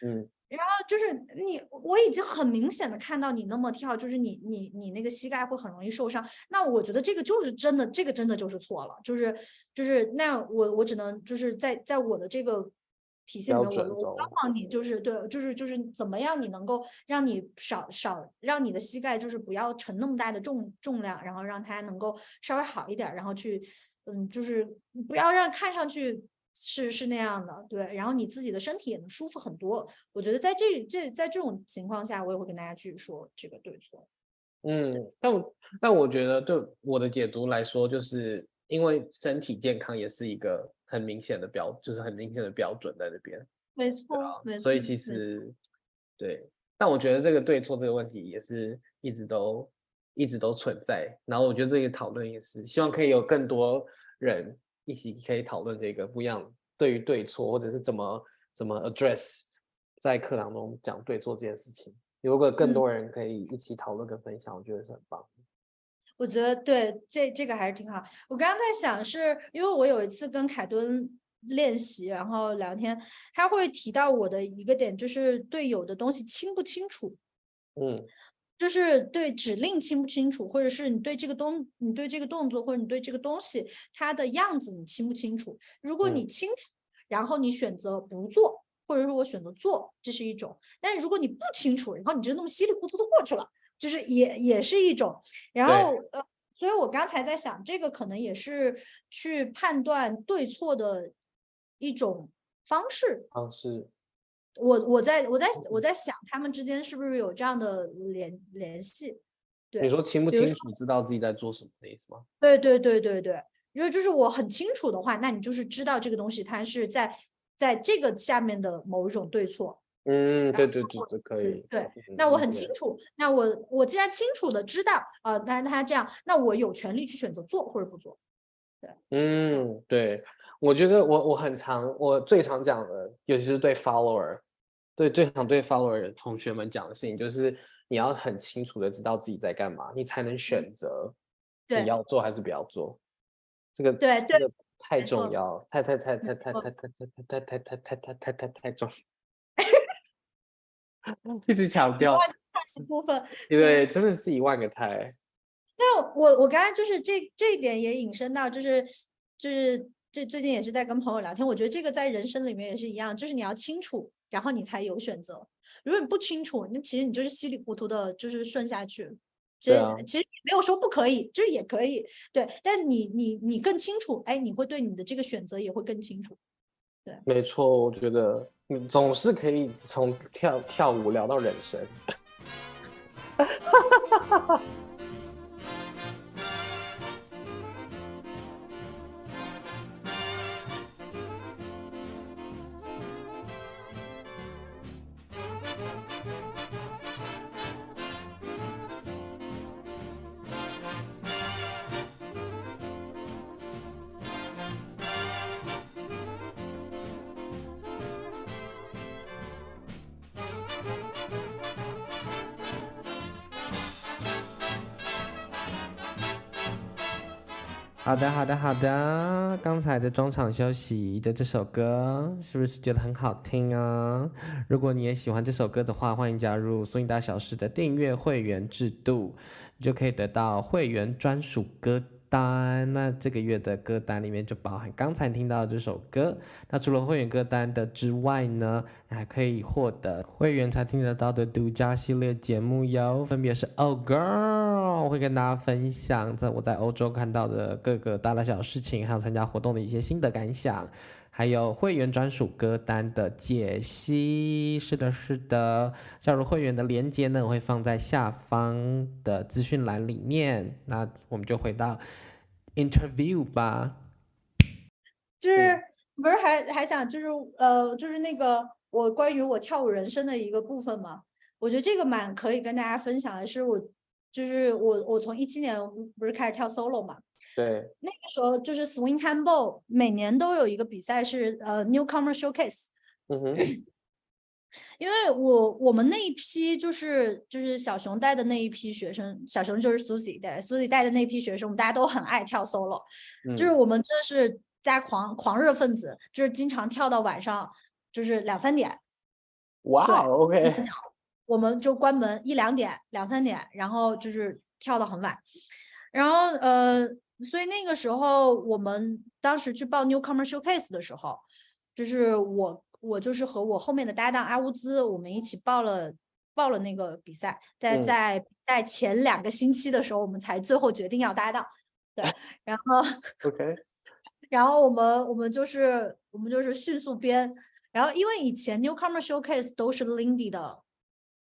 [SPEAKER 1] 嗯。然後就是你，我已經很明顯的看到你那麼跳，就是你你你那個膝蓋會很容易受傷。那我覺得這個就是真的，這個真的就是錯了，就是就是那我我只能就是在在我的這個體系中，我我幫幫你，就是對，就是就是怎麼樣你能夠讓你少少讓你的膝蓋就是不要承那麼大的重重量，然後讓它能夠稍微好一點，然後去嗯，就是不要讓看上去。是是那樣的，對，然後你自己的身體也能舒服很多。我覺得在這這在這種情況下，我也會跟大家去說這個對錯。
[SPEAKER 2] 嗯，但但我覺得對我的解讀來說，就是因為身體健康也是一個很明顯的標，就是很明顯的標準在那邊。
[SPEAKER 3] 沒錯啊，沒錯。所以其實
[SPEAKER 2] 對，但我覺得這個對錯這個問題也是一直都一直都存在。然後我覺得這個討論也是，希望可以有更多人。一起可以討論這個不一樣，對於對錯或者是怎麼怎麼 address，在課堂中講對錯這件事情，如果更多人可以一起討論跟分享，我覺得是很棒。
[SPEAKER 1] 我覺得對這這個還是挺好。我剛剛在想是，是因為我有一次跟凱多練習，然後聊天，他會提到我的一個點，就是對有的東西清不清楚。嗯。就是對指令清不清楚，或者是你對這個東，你對這個動作，或者你對這個東西它的樣子你清不清楚？如果你清楚、嗯，然後你選擇不做，或者說我選擇做，這是一種；但是如果你不清楚，然後你就那麼稀里糊塗的過去了，就是也也是一種。然後、呃，所以我剛才在想，這個可能也是去判斷對錯的一種方式。啊、哦，是。我我在我在我在想，他們之間是不是有這樣的聯聯繫？對，你說清不清楚
[SPEAKER 2] 知道自己在做什麼的意思嗎？
[SPEAKER 1] 對，對對對對對，如果就是我很清楚的話，那你就是知道這個東西它是在在這個下面的某一種對錯。嗯，
[SPEAKER 2] 對對對，對這可以。對，對、嗯，那我很清
[SPEAKER 1] 楚，嗯、那我我既然清楚的知道，啊、呃，但他這樣，那我有權利去選擇做或者不做。
[SPEAKER 2] 對，嗯，對，對對我覺得我我很常我最常講的，尤其是對 follower。對，最常對 follow 人的同學們講的事情就是，你要很清楚的知道自己在幹嘛，你才能選擇你要做還是不要做。這個對，這個太重要，太重要，太太太太太太太太太太太太太太太太太太太重， 一直強調
[SPEAKER 1] 部分，
[SPEAKER 2] 因為真的是一萬個太。
[SPEAKER 1] 那我我剛才就是這這一點也引申到，就是，就是就是這最近也是在跟朋友聊天，我覺得這個在人生裡面也是一樣，就是你要清楚。然後你才有選擇。如果你不清楚，那其實你就是稀里糊塗的，就是順下去。對啊，其實沒有說不可以，就是也可以。對，但你你你更清楚，哎，你會對你的這個選擇也會更清楚。對，
[SPEAKER 2] 沒錯，我覺得你總是可以從跳跳舞聊到人生。 好的，好的，好的。剛才的中場休息的這首歌，是不是覺得很好聽啊？如果你也喜歡這首歌的話，歡迎加入 Swing 大小事的訂閱會員制度，你就可以得到會員專屬歌。單，那這個月的歌單裡面就包含剛才聽到的這首歌。那除了會員歌單的之外呢，還可以獲得會員才聽得到的獨家系列節目喲，分別是 Oh Girl，我會跟大家分享在我在歐洲看到的各個大大小小事情，還有參加活動的一些心得感想，還有會員專屬歌單的解析。是的，是的，加入會員的鏈接呢，我會放在下方的資訊欄裡面。那我們就回到。interview 吧，就
[SPEAKER 1] 是不是還還想就是呃就是那個我關於我跳舞人生的一個部分嘛？我覺得這個蠻可以跟大家分享的是我就是我我從一七年不是開始跳 solo 嘛，對，那個時候就是 swing Time Ball 每年都有一個比賽是呃、uh、newcomer showcase，嗯、mm -hmm. 因為我我們那一批就是就是小熊帶的那一批學生，小熊就是 Susie 對，Susie 帶的那批學生，我們大家都很愛跳 solo，、嗯、就是我們真的是大家狂狂熱分子，就是經常跳到晚上就是兩三點。
[SPEAKER 3] 哇，OK，
[SPEAKER 1] 我們就關門一兩點兩三點，然後就是跳到很晚，然後呃，所以那個時候我們當時去報 Newcomer Showcase 的時候，就是我。我就是和我後面的搭檔阿烏茲，我們一起報了報了那個比賽。在在在前兩個星期的時候，我們才最後決定要搭檔。對，然後
[SPEAKER 3] OK，
[SPEAKER 1] 然後我們我們就是我們就是迅速編。然後因為以前 Newcomer Showcase 都是 Lindy 的，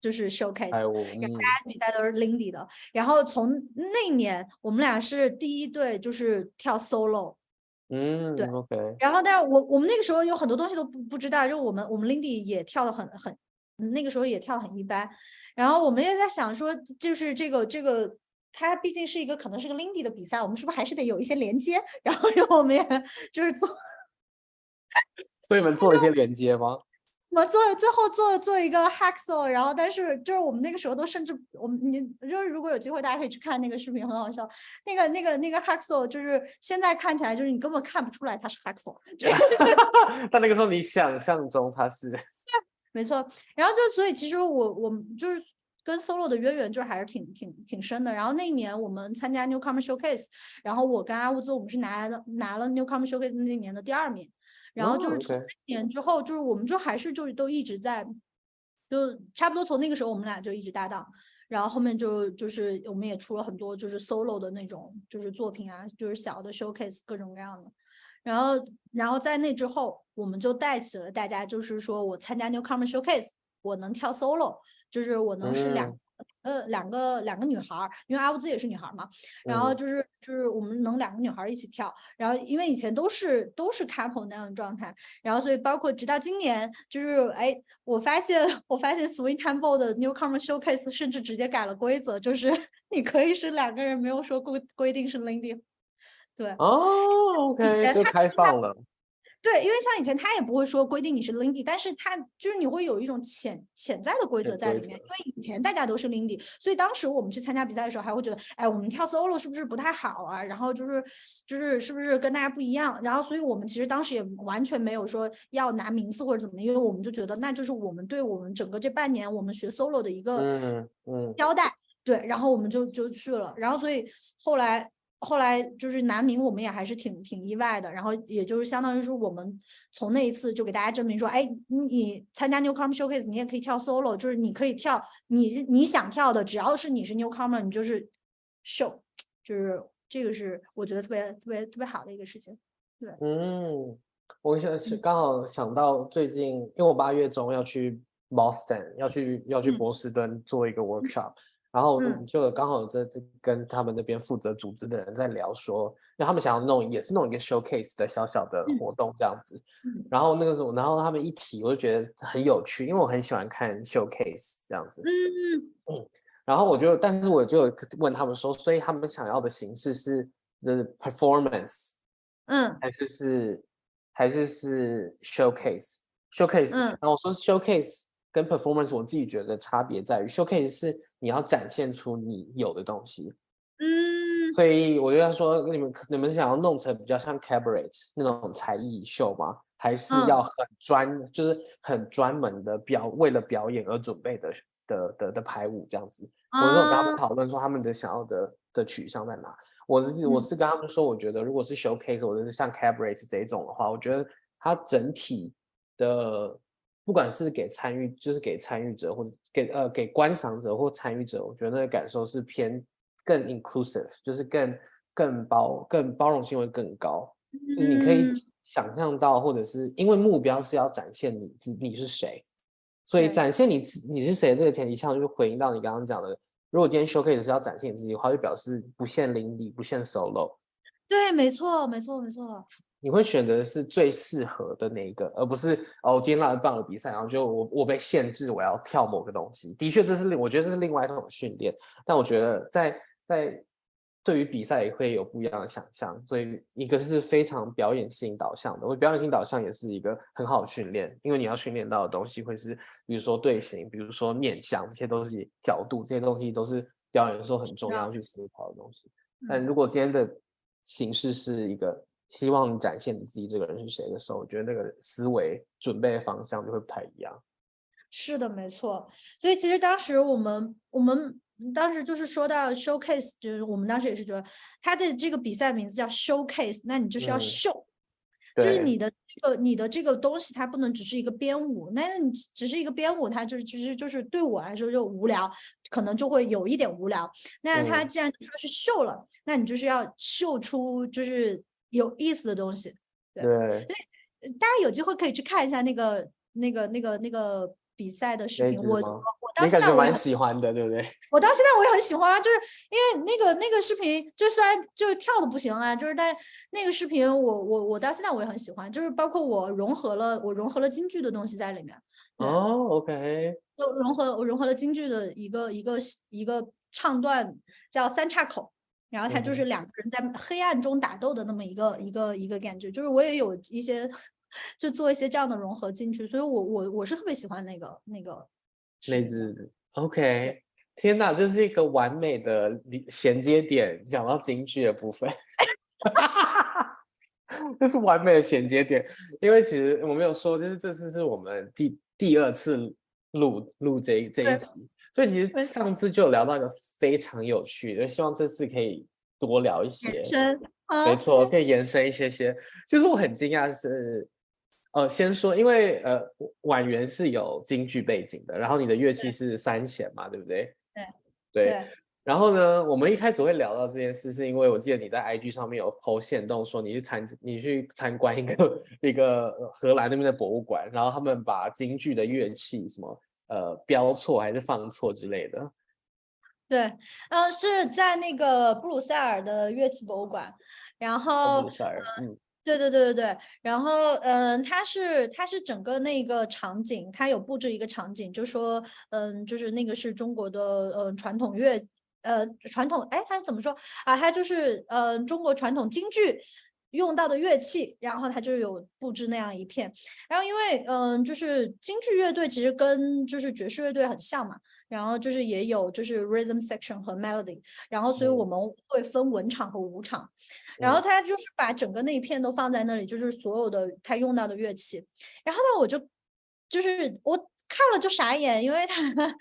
[SPEAKER 1] 就是 Showcase，然後大家比賽都是 Lindy 的。然後從那年，我們倆是第一對，就是跳 solo。
[SPEAKER 3] 嗯，對。Okay。然
[SPEAKER 1] 後然，但是我我們那個時候有很多東西都不不知道，就我們我們 Lindy 也跳的很很，那個時候也跳的很一般。然後我們又在想說，就是這個這個，它畢竟是一個可能是個 Lindy 的比賽，我們是不是還是得有一些連接？然後讓我們也就是做，
[SPEAKER 2] 所以你們做了一些連接嗎？
[SPEAKER 1] 我們做了最後做了做一個 Hacksaw 然後但是就是我們那個時候都甚至我們你就是如果有機會大家可以去看那個視頻，很好笑。那個那個那個 Hacksaw 就是現在看起來就是你根本看不出來它是 Hacksaw a。
[SPEAKER 2] 在 那個時候，你想象中它是。對，
[SPEAKER 1] 沒錯。然後就所以其實我我們就是跟 solo 的淵源就還是挺挺挺深的。然後那一年我們參加 Newcomer Showcase，然後我跟阿物資我們是拿了拿了 Newcomer Showcase 那年的第二名。
[SPEAKER 2] 然後就是從那
[SPEAKER 1] 年之後，就是我們就還是就都一直在，就差不多從那個時候我們倆就一直搭檔，然後後面就就是我們也出了很多就是 solo 的那種就是作品啊，就是小的 showcase 各種各樣的，然後然後在那之後我們就帶起了大家，就是說我參加 newcomer showcase，我能跳 solo，就是我能是兩、嗯。呃，兩個兩個女孩兒，因為阿烏茲也是女孩兒嘛，然後就是就是我們能兩個女孩兒一起跳，然後因為以前都是都是 couple 那樣的狀態，然後所以包括直到今年，就是哎，我發現我發現 Swing Time Ball 的 Newcomer Showcase 甚至直接改了規則，就是你可以是兩個人，沒有說規規定是 Lindy，對，哦、
[SPEAKER 2] oh，OK，就開放了。
[SPEAKER 1] 對，因為像以前他也不會說規定你是 Lindy，但是他就是你會有一種潛潛在的規則在裡面，因為以前大家都是 Lindy，所以當時我們去參加比賽的時候還會覺得，哎，我們跳 solo 是不是不太好啊？然後就是就是是不是跟大家不一樣？然後所以我們其實當時也完全沒有說要拿名次或者怎麼樣，因為我們就覺得那就是我們對我們整個這半年我們學 solo 的一個交代，對，然後我們就就去了，然後所以後來。後來就是南明，我們也還是挺挺意外的。然後也就是相當於說，我們從那一次就給大家證明說，哎，你參加 Newcomer Showcase，你也可以跳 solo，就是你可以跳你你想跳的，只要是你是 Newcomer，你就是 show，就是這個是我覺得特別特別特別好的一個事情。對，
[SPEAKER 2] 嗯，我想是剛好想到最近，因為我八月中要去 Boston，要去要去波士頓做一個 workshop、嗯。嗯然後我們就剛好在這跟他們那邊負責組織的人在聊，說，那他們想要弄也是弄一個 showcase 的小小的活動這樣子。嗯。然後那個時候，然後他們一提，我就覺得很有趣，因為我很喜歡看 showcase 這樣子。嗯嗯，然後我就，但是我就問他們說，所以他們想要的形式是就是 performance，嗯，還是是，還是是 showcase，showcase show，嗯。然後我說 showcase。跟 performance，我自己覺得差別在於 showcase 是你要展現出你有的東西，嗯，所以我就要說你們你們是想要弄成比較像 cabaret 那種才藝秀嗎？還是要很專，嗯、就是很專門的表為了表演而準備的的的的，的排舞這樣子？嗯、我是跟他們討論說他們的想要的的取向在哪？我是我是跟他們說，我覺得如果是 showcase 或者是像 cabaret 這種的話，我覺得它整體的。不管是給參與，就是給參與者，或者給呃給觀賞者或參與者，我覺得那個感受是偏更 inclusive，就是更更包更包容性會更高。
[SPEAKER 3] 嗯、你可以
[SPEAKER 2] 想象到，或者是因為目標是要展現你自你是誰，所以展現你你是誰的這個前提下，就回應到你剛剛講的，如果今天 showcase 是要展現你自己的話，就表示不限 Lindy，不限 solo。
[SPEAKER 1] 對，沒錯，沒錯，沒錯。
[SPEAKER 2] 你會選擇的是最適合的那一個，而不是哦，今天那半的比賽，然後就我我被限制，我要跳某個東西。的確，這是另我覺得這是另外一種訓練。但我覺得在在對於比賽也會有不一樣的想象。所以一個是非常表演性導向的，我表演性導向也是一個很好的訓練，因為你要訓練到的東西會是比如說隊形，比如說面向，這些東西角度，這些東西都是表演的時候很重要去思考的東西。但如果今天的形式是一個。希望展現你自己這個人是誰的時候，我覺得那個思維準備的方向就會不太一樣。
[SPEAKER 1] 是的，沒錯。所以其實當時我們，我們當時就是說到 showcase，就是我們當時也是覺得他的這個比賽名字叫 showcase，那你就是要秀，嗯、就是你的這個你的這個東西，它不能只是一個編舞，那你只是一個編舞，它就是其實就是對我來說就無聊，可能就會有一點無聊。那他既然說是秀了，嗯，那你就是要秀出就是有意思的東
[SPEAKER 2] 西，
[SPEAKER 1] 對，那大家有機會可以去看一下那個、那個、那個、那個比賽的視頻。我我到現在蠻喜
[SPEAKER 2] 歡的，對
[SPEAKER 1] 不對？我到現在我也很喜歡，啊，就是因為那個那個視頻，就雖然就是跳的不行啊，就是但那個視頻我我我到現在我也很喜歡，就是包括我融合了我融合了京劇的東西在裡面。
[SPEAKER 2] 哦、oh，OK，
[SPEAKER 1] 就融合我融合了京劇的一個一個一個、一個唱段叫三岔口。然後他就是兩個人在黑暗中打鬥的那麼一個、嗯、一個一個感覺，就是我也有一些就做一些這樣的融合進去，所以我我我是特別喜歡那個那個
[SPEAKER 2] 那隻。OK，天哪，這是一個完美的銜接點，講到京劇的部分，
[SPEAKER 1] 這
[SPEAKER 2] 是完美的銜接點，因為其實我沒有說，就是這次是我們第第二次錄錄這這一集。所以其實上次就聊到一個非常有趣的，希望這次可以多聊一些，
[SPEAKER 3] 沒錯，
[SPEAKER 2] 可以延伸一些些。就是我很驚訝是，呃，先說，因為呃，婉元是有京劇背景的，然後你的樂器是三弦嘛，對，對不對，對？對。對。然後呢，我們一開始會聊到這件事，是因為我記得你在 IG 上面有 po 限動說你去參你去參觀一個一個荷蘭那邊的博物館，然後他們把京劇的樂器什麼。呃，標錯還是放錯之類的？
[SPEAKER 1] 對，嗯、呃，是在那個布魯塞爾的樂器博物館，然後，哦布魯塞爾，呃、對對對對對，然後嗯、呃，它是它是整個那個場景，它有布置一個場景，就是、說嗯、呃，就是那個是中國的嗯、呃，傳統樂，呃傳統，哎，它是怎麼說啊？它就是嗯、呃、中國傳統京劇。用到的樂器，然後他就有布置那樣一片，然後因為嗯，就是京劇樂隊其實跟就是爵士樂隊很像嘛，然後就是也有就是 rhythm section 和 melody，然後所以我們會分文場和武場，然後他就是把整個那一片都放在那裡，就是所有的他用到的樂器，然後呢我就就是我看了就傻眼，因為他他，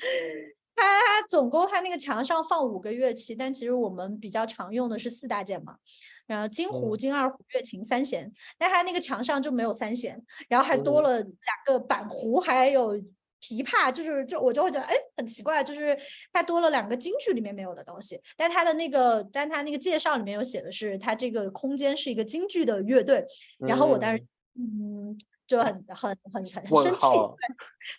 [SPEAKER 1] 他總共他那個牆上放五個樂器，但其實我們比較常用的是四大件嘛。然後京胡、京二胡、月琴、三弦，但他那個牆上就沒有三弦，然後還多了兩個板胡，還有琵琶，就是就我就會覺得，哎，很奇怪，就是他多了兩個京劇裡面沒有的東西。但他的那個，但他那個介紹裡面有寫的是，他這個空間是一個京劇的樂隊。然後我當時，嗯，嗯。就很很很很生氣，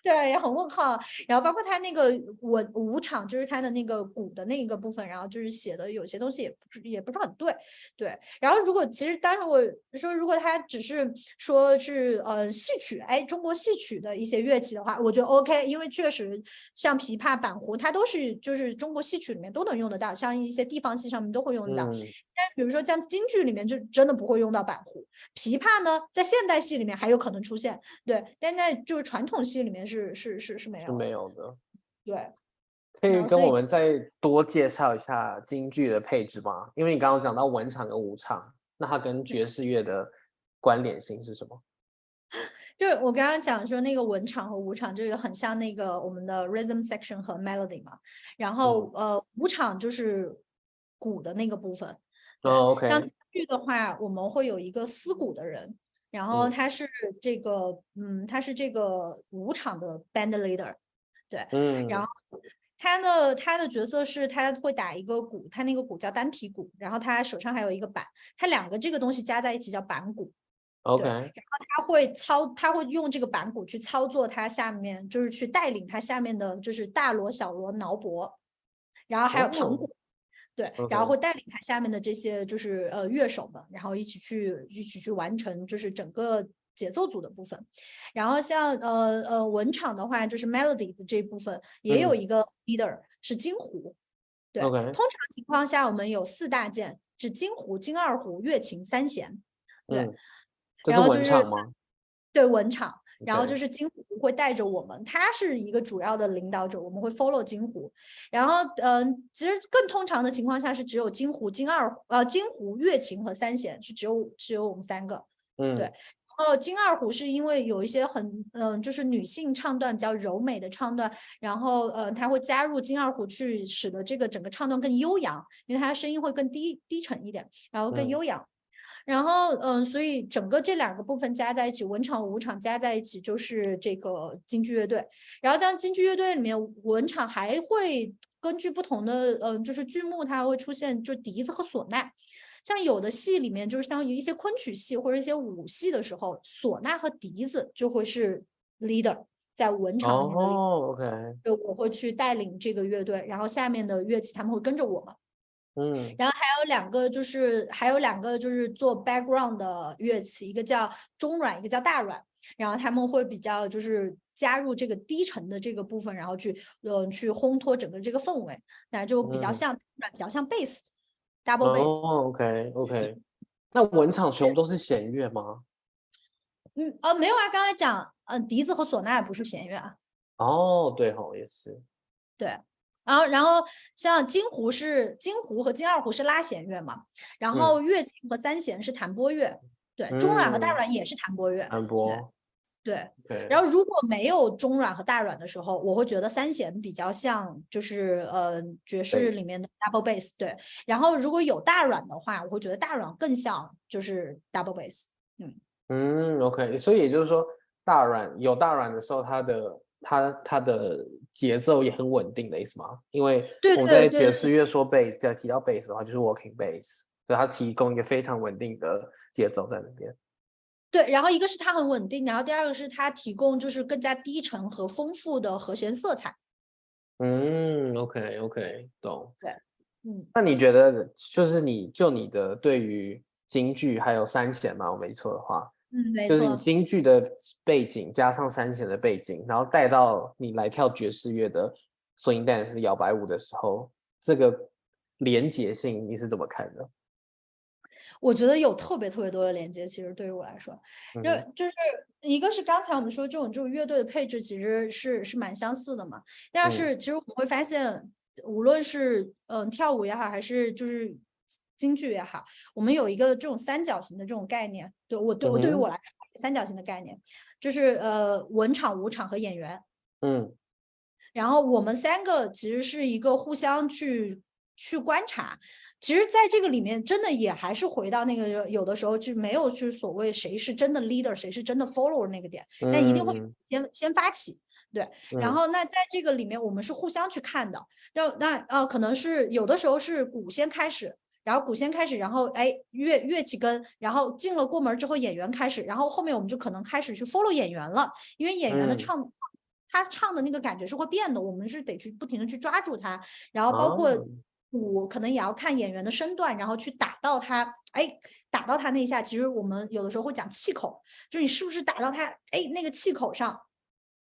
[SPEAKER 1] 對，也很問號。然後包括他那個我武場，就是他的那個鼓的那個部分，然後就是寫的有些東西也不是也不是很對，對。然後如果其實當時我說，如果他只是說是呃戲曲，哎，中國戲曲的一些樂器的話，我覺得 OK，因為確實像琵琶、板胡，它都是就是中國戲曲裡面都能用得到，像一些地方戲上面都會用得到。嗯但比如說像京劇裡面就真的不會用到板胡。琵琶呢，在現代戲裡面還有可能出現，對，但在就是傳統戲裡面是是是是沒有就沒有的，對。可以跟我們
[SPEAKER 2] 再多介紹一下京劇的配置嗎？嗯，因為你剛剛講到文場和武場，那它跟爵士樂的關聯性是什麼？
[SPEAKER 1] 就是我剛剛講說那個文場和武場，就是很像那個我們的 rhythm section 和 melody 嘛，然後呃，嗯，武場就是鼓的那個部分。Oh, OK，像京劇的話，我們會有一個司鼓的人，然後他是這個，嗯，嗯他是這個武場的 band leader，對，嗯，然後他呢，他的角色是他會打一個鼓，他那個鼓叫單皮鼓，然後他手上還有一個板，他兩個這個東西加在一起叫板鼓
[SPEAKER 3] ，OK，然後
[SPEAKER 1] 他會操，他會用這個板鼓去操作他下面，就是去帶領他下面的就是大鑼、小鑼、鐃鈸，然後還有堂鼓。Oh, okay. 對，然後會帶領他下面的這些就是、Okay. 呃樂手們，然後一起去一起去完成就是整個節奏組的部分。然後像呃呃文場的話，就是 melody 的這一部分也有一個 leader、嗯、是京胡。對，Okay. 通常情況下我們有四大件，是京胡、京二胡、月琴、三弦。對，嗯、文然後就是對文場。然後就是京胡會帶着我們，他是一個主要的領導者，我們會 follow 京胡。然後，嗯、呃，其實更通常的情況下是只有京胡、京二胡呃，京胡，月琴和三弦，是只有只有我們三個。嗯，對。然後京二胡是因為有一些很嗯、呃，就是女性唱段比較柔美的唱段，然後呃，他會加入京二胡去使得這個整個唱段更悠揚，因為他的聲音會更低低沉一點，然後更悠揚。嗯嗯然後，嗯，所以整個這兩個部分加在一起，文場、武場加在一起就是這個京劇樂隊。然後在京劇樂隊裡面，文場還會根據不同的，嗯，就是劇目，它會出現就笛子和嗩吶。像有的戲裡面，就是相當於一些昆曲戲或者一些武戲的時候，嗩吶和笛子就會是 leader，在文場裡面的領。
[SPEAKER 3] 哦，OK。
[SPEAKER 1] 就我會去帶領這個樂隊，然後下面的樂器他們會跟着我嘛。嗯，然後還有兩個，就是還有兩個就是做 background 的樂器，一個叫中阮，一個叫大阮。然後他們會比較就是加入這個低沉的這個部分，然後去嗯、呃、去烘托整個這個氛圍，那就比較像、嗯、比較像 bass，double bass。哦
[SPEAKER 2] ，OK OK，那文場全都是弦樂嗎？
[SPEAKER 1] 嗯，呃，沒有啊，剛才講，嗯、呃，笛子和嗩吶不是弦樂啊。
[SPEAKER 2] 哦，對吼、哦，也是。
[SPEAKER 1] 對。然後，然後像京胡是京胡和京二胡，是拉弦樂嘛，然後月琴和三弦是彈撥樂，對，中阮和大阮也是彈撥樂。彈撥，對，
[SPEAKER 2] 對。然後
[SPEAKER 1] 如果沒有中阮和大阮的時候，我會覺得三弦比較像就是呃爵士裡面的 double bass，對。然後如果有大阮的話，我會覺得大阮更像就是 double bass，嗯
[SPEAKER 2] 嗯，OK。所以也就是說，大阮有大阮的時候，它的它它的節奏也很穩定的意思嗎？因為我們在爵士樂說 bass，只要提到 bass 的話，就是 walking bass，所以它提供一個非常穩定的節奏在那邊。
[SPEAKER 1] 對，然後一個是它很穩定，然後第二個是它提供就是更加低沉和豐富的和絃色彩。
[SPEAKER 2] 嗯，OK OK，懂。對，嗯，那你覺得就是你就你的對於京劇還有三絃嘛？我沒錯的話。嗯，就是你京劇的背景加上三弦的背景，然後帶到你來跳爵士樂的 swing dance 是搖擺舞的時候，這個連接性你是怎麼看的？
[SPEAKER 1] 我覺得有特別特別多的連接，其實對於我來說，嗯、就就是一個是剛才我們說這種這種樂隊的配置其實是是蠻相似的嘛，第二是其實我們會發現，無論是嗯、呃、跳舞也好，還是就是。京劇也好，我們有一個這種三角形的這種概念，對我對我對於我來說，三角形的概念就是呃文場、武場和演員，嗯，然後我們三個其實是一個互相去去觀察，其實在這個裡面真的也還是回到那個有的時候就沒有去所謂誰是真的 leader，誰是真的 follower 那個點，但一定會先先發起對，然後那在這個裡面我們是互相去看的，要那呃、啊、可能是有的時候是鼓先開始。然後鼓先開始，然後哎樂樂器跟，然後進了過門之後演員開始，然後後面我們就可能開始去 follow 演員了，因為演員的唱，嗯、他唱的那個感覺是會變的，我們是得去不停的去抓住他，然後包括，鼓可能也要看演員的身段，嗯、然後去打到他，哎打到他那一下，其實我們有的時候會講氣口，就是你是不是打到他哎那個氣口上。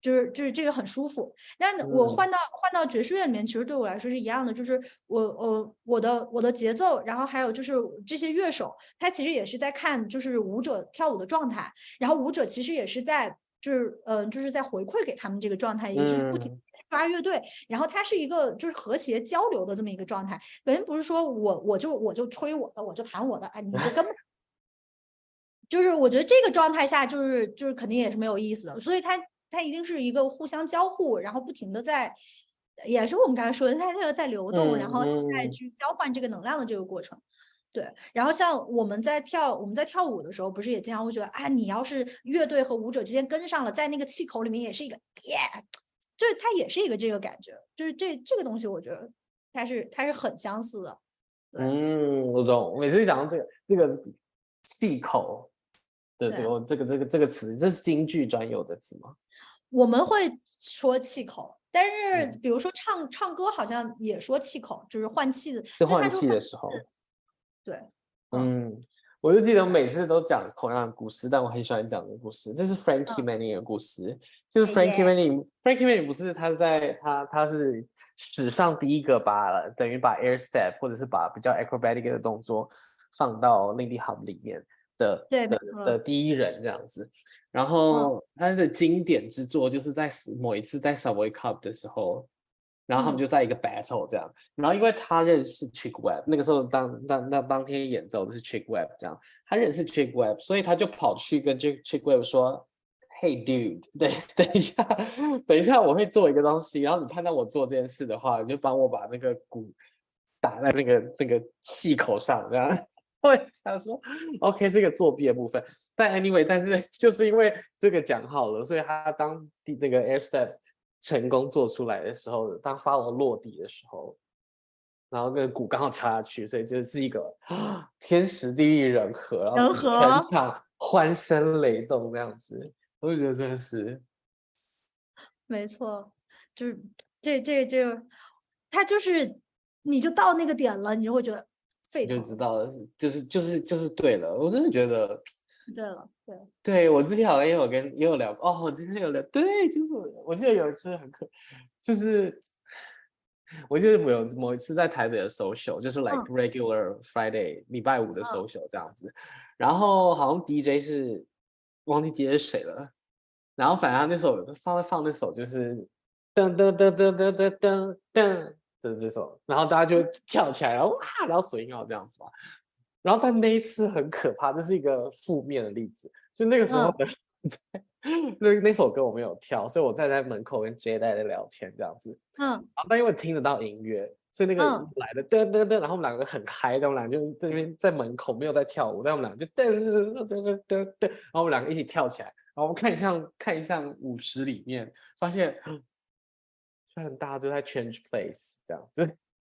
[SPEAKER 1] 就是就是這個很舒服。但我換到換到爵士樂裡面，其實對我來說是一樣的。就是我我、呃、我的我的節奏，然後還有就是這些樂手，他其實也是在看就是舞者跳舞的狀態，然後舞者其實也是在就是嗯、呃、就是在回饋給他們這個狀態，也是不停刷樂隊。然後它是一個就是和諧交流的這麼一個狀態，肯定不是說我我就我就吹我的，我就彈我的，哎，你就根本就是我覺得這個狀態下就是就是肯定也是沒有意思的，所以它。它一定是一個互相交互，然後不停地在，也是我們剛才說的，它這個在流動、嗯，然後再去交換這個能量的這個過程。嗯、對，然後像我們在跳我們在跳舞的時候，不是也經常會覺得，啊，你要是樂隊和舞者之間跟上了，在那個氣口裡面也是一個，yeah! 就是它也是一個這個感覺，就是這這個東西，我覺得它是它是很相似的。
[SPEAKER 2] 嗯，我懂。每次講到這個這個氣口的這個這個這個這個詞，這是京劇專有的詞嗎？
[SPEAKER 1] 我們會說氣口，但是比如說唱、嗯、唱歌好像也說氣口，就是換氣的換氣的時候。對，嗯
[SPEAKER 2] 對，我就記得我每次都講同樣的故事，但我很喜歡講的故事，這是 Frankie Manning 的故事。
[SPEAKER 1] 哦，就是 Frankie
[SPEAKER 2] Manning，Frankie，哎，Manning 不是他在他，他是史上第一個吧，等於把 air step 或者是把比較 acrobatic 的動作放到 Lindy Hop 裡面。的對，的第一人這樣子，然後他的經典之作就是在某一次在 Savoy Cup 的時候，然後他們就在一個 battle 這樣，然後因為他認識 Chick Webb，那個時候當當當當天演奏的是 Chick Webb 這樣，他認識 Chick Webb，所以他就跑去跟 Chick Webb 說：“Hey dude，對，等一下，等一下，我會做一個東西，然後你看到我做這件事的話，你就幫我把那個鼓打在那個那個氣口上，這樣。
[SPEAKER 3] 對，想說
[SPEAKER 2] ，OK，是一個作弊的部分，但 anyway，但是就是因為這個講好了，所以他當第那個 air step 成功做出來的時候，當 follow 落地的時候，然後那個鼓剛好插下去，所以就是一個天時地利人和，人和全場歡聲雷動那樣子，我覺得真的是
[SPEAKER 1] 沒錯，就是這個、這個、這個，他就是你就到那個點了，你就會覺得。你就
[SPEAKER 2] 知道了是就是就是、就是、就是對了，我真的覺得對
[SPEAKER 3] 了，
[SPEAKER 2] 對，對我之前好像也有跟也有聊哦，我之前有聊對，就是我記得有一次很可，就是我記得我有某一次在台北的 social，就是 like、嗯、regular Friday 禮拜五的 social 這樣子，嗯、然後好像 DJ 是忘記 DJ 是誰了，然後反正那時候放放那首就是噔噔噔噔噔噔噔。登登登登登登登就這首，然後大家就跳起來了，然後哇！然後水應該這樣子吧。然後但那一次很可怕，這是一個負面的例子。所以那個時候的、嗯、 那那首歌我沒有跳，所以我站在門口跟 Jade 在聊天這樣子。嗯。啊，但因為聽得到音樂，所以那個來了、嗯、噔噔噔，然後我們兩個很嗨，然後我們倆就這邊在門口沒有在跳舞，然後我們倆就噔噔噔噔噔噔，然後我們兩個一起跳起來，然後我們看一下，看一下舞池裡面，發現。很大就在 change place 這樣子，對。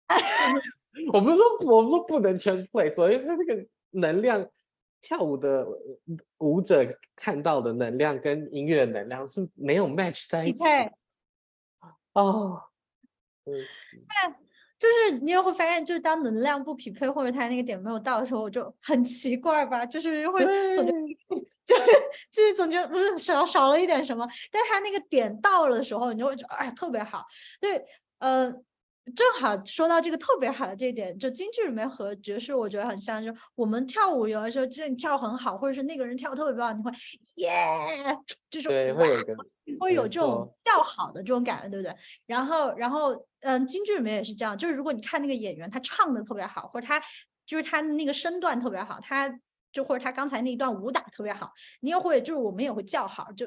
[SPEAKER 2] 我不是說，我不是說不能 change place，所以是說那個能量跳舞的舞者看到的能量跟音樂的能量是沒有 match 在一起。哦、oh,
[SPEAKER 1] 對，就是你也會發現，就是當能量不匹配或者他那個點沒有到的時候，我就很奇怪吧，就是會就是就是總覺得嗯，少少了一點什麼，但他那個點到了的時候，你就會覺得哎，特別好。對，呃，正好說到這個特別好的這一點，就京劇裡面和爵士、就是、我覺得很像，就是我們跳舞有的時候，只要你跳很好，或者是那個人跳得特別棒，你會耶，就是對，會
[SPEAKER 3] 有
[SPEAKER 1] 會有這種叫好的這種感覺，對不對？對對對，對不對，然後然後，嗯，京劇裡面也是這樣，就是如果你看那個演員他唱得特別好，或者他就是他那個身段特別好，他。就或者他剛才那一段武打特別好，你也會，就是我們也會叫好，就，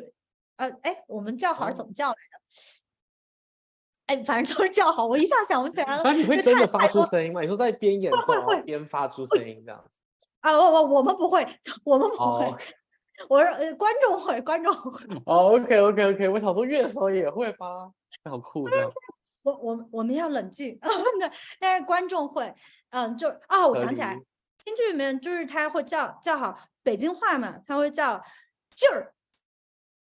[SPEAKER 1] 呃，哎，我們叫好怎麼叫來着？哎、哦，反正就是叫好，我一下想不起來了。那你會真的
[SPEAKER 2] 發出聲音嗎？說你說在邊演、啊，會會，會邊發出聲音
[SPEAKER 1] 這樣子？啊，我我我們不會，我們不會。哦、我是、呃、觀眾會，觀眾會。
[SPEAKER 2] 哦，OK，OK，OK，okay, okay, okay, 我想說樂手也會吧？好酷的。
[SPEAKER 1] 我我我們要冷靜。啊，對，但是觀眾會，嗯、呃，就啊、哦，我想起來。京劇裡面就是他會叫叫好，北京話嘛，他會叫勁兒，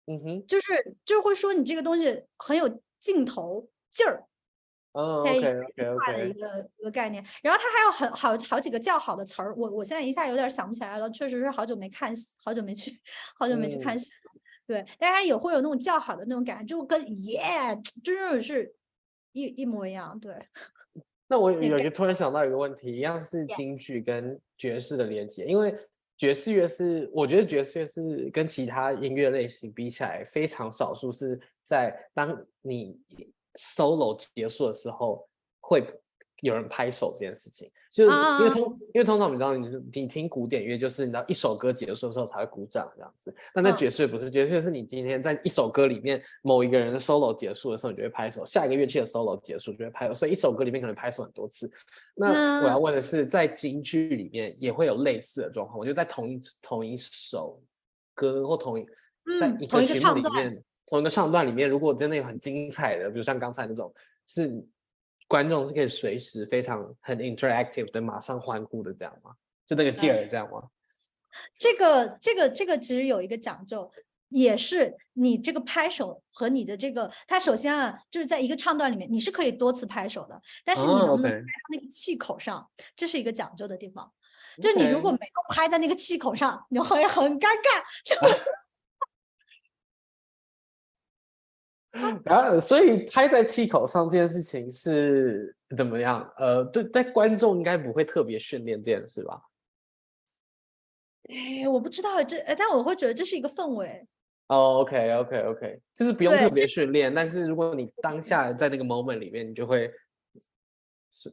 [SPEAKER 1] 嗯、mm、哼 -hmm. 就是，就是就是會說你這個東西很有勁頭勁兒，哦、oh,，OK OK 的、
[SPEAKER 3] okay. 一個
[SPEAKER 1] 一個概念。然後他還有很好好幾個叫好的詞兒，我我現在一下有點想不起來了，確實是好久沒看，好久沒去，好久沒去看戲。Mm -hmm. 對，但他也會有那種叫好的那種感覺，就跟耶，真、yeah, 正是一一模一樣，對。
[SPEAKER 2] 那我有一個突然想到一個問題，一樣是京劇跟爵士的連結，因為爵士樂是，我覺得爵士樂是跟其他音樂類型比起來，非常少數是在當你 solo 結束的時候會。有人拍手這件事情，就因為通、oh. 因為通因為通常我們知道，你你聽古典樂就是你知道一首歌結束的時候才會鼓掌這樣子，但那爵士不是爵士，就是你今天在一首歌裡面某一個人的 solo 結束的時候你就會拍手，下一個樂器的 solo 結束就會拍手，所以一首歌裡面可能拍手很多次。那我要問的是，在京劇裡面也會有類似的狀況，我覺得在同一同一首歌或同一，嗯、
[SPEAKER 3] 在一個曲目裡面，同一
[SPEAKER 2] 個唱段，同一個唱段裡面，如果真的有很精彩的，比如像剛才那種是。觀眾是可以隨時非常很 interactive 的馬上歡呼的這樣嗎？就那個勁兒這樣嗎？Okay.
[SPEAKER 1] 這個這個這個其實有一個講究，也是你這個拍手和你的這個，它首先啊，就是在一個唱段裡面，你是可以多次拍手的，但是你能不能拍到那個氣口上，這是一個講究的地方。Okay. 就你如果沒有拍在那個氣口上，你會很，很尷尬。啊
[SPEAKER 2] 然後，啊，所以拍在氣口上這件事情是怎麼樣？呃，對，在觀眾應該不會特別訓練這件事吧？哎，
[SPEAKER 1] 我不知道這，但我會覺得這是一個氛圍。
[SPEAKER 2] 哦，OK，OK，OK。就是不用特別訓練，但是如果你當下在那個 moment 裡面，你就會。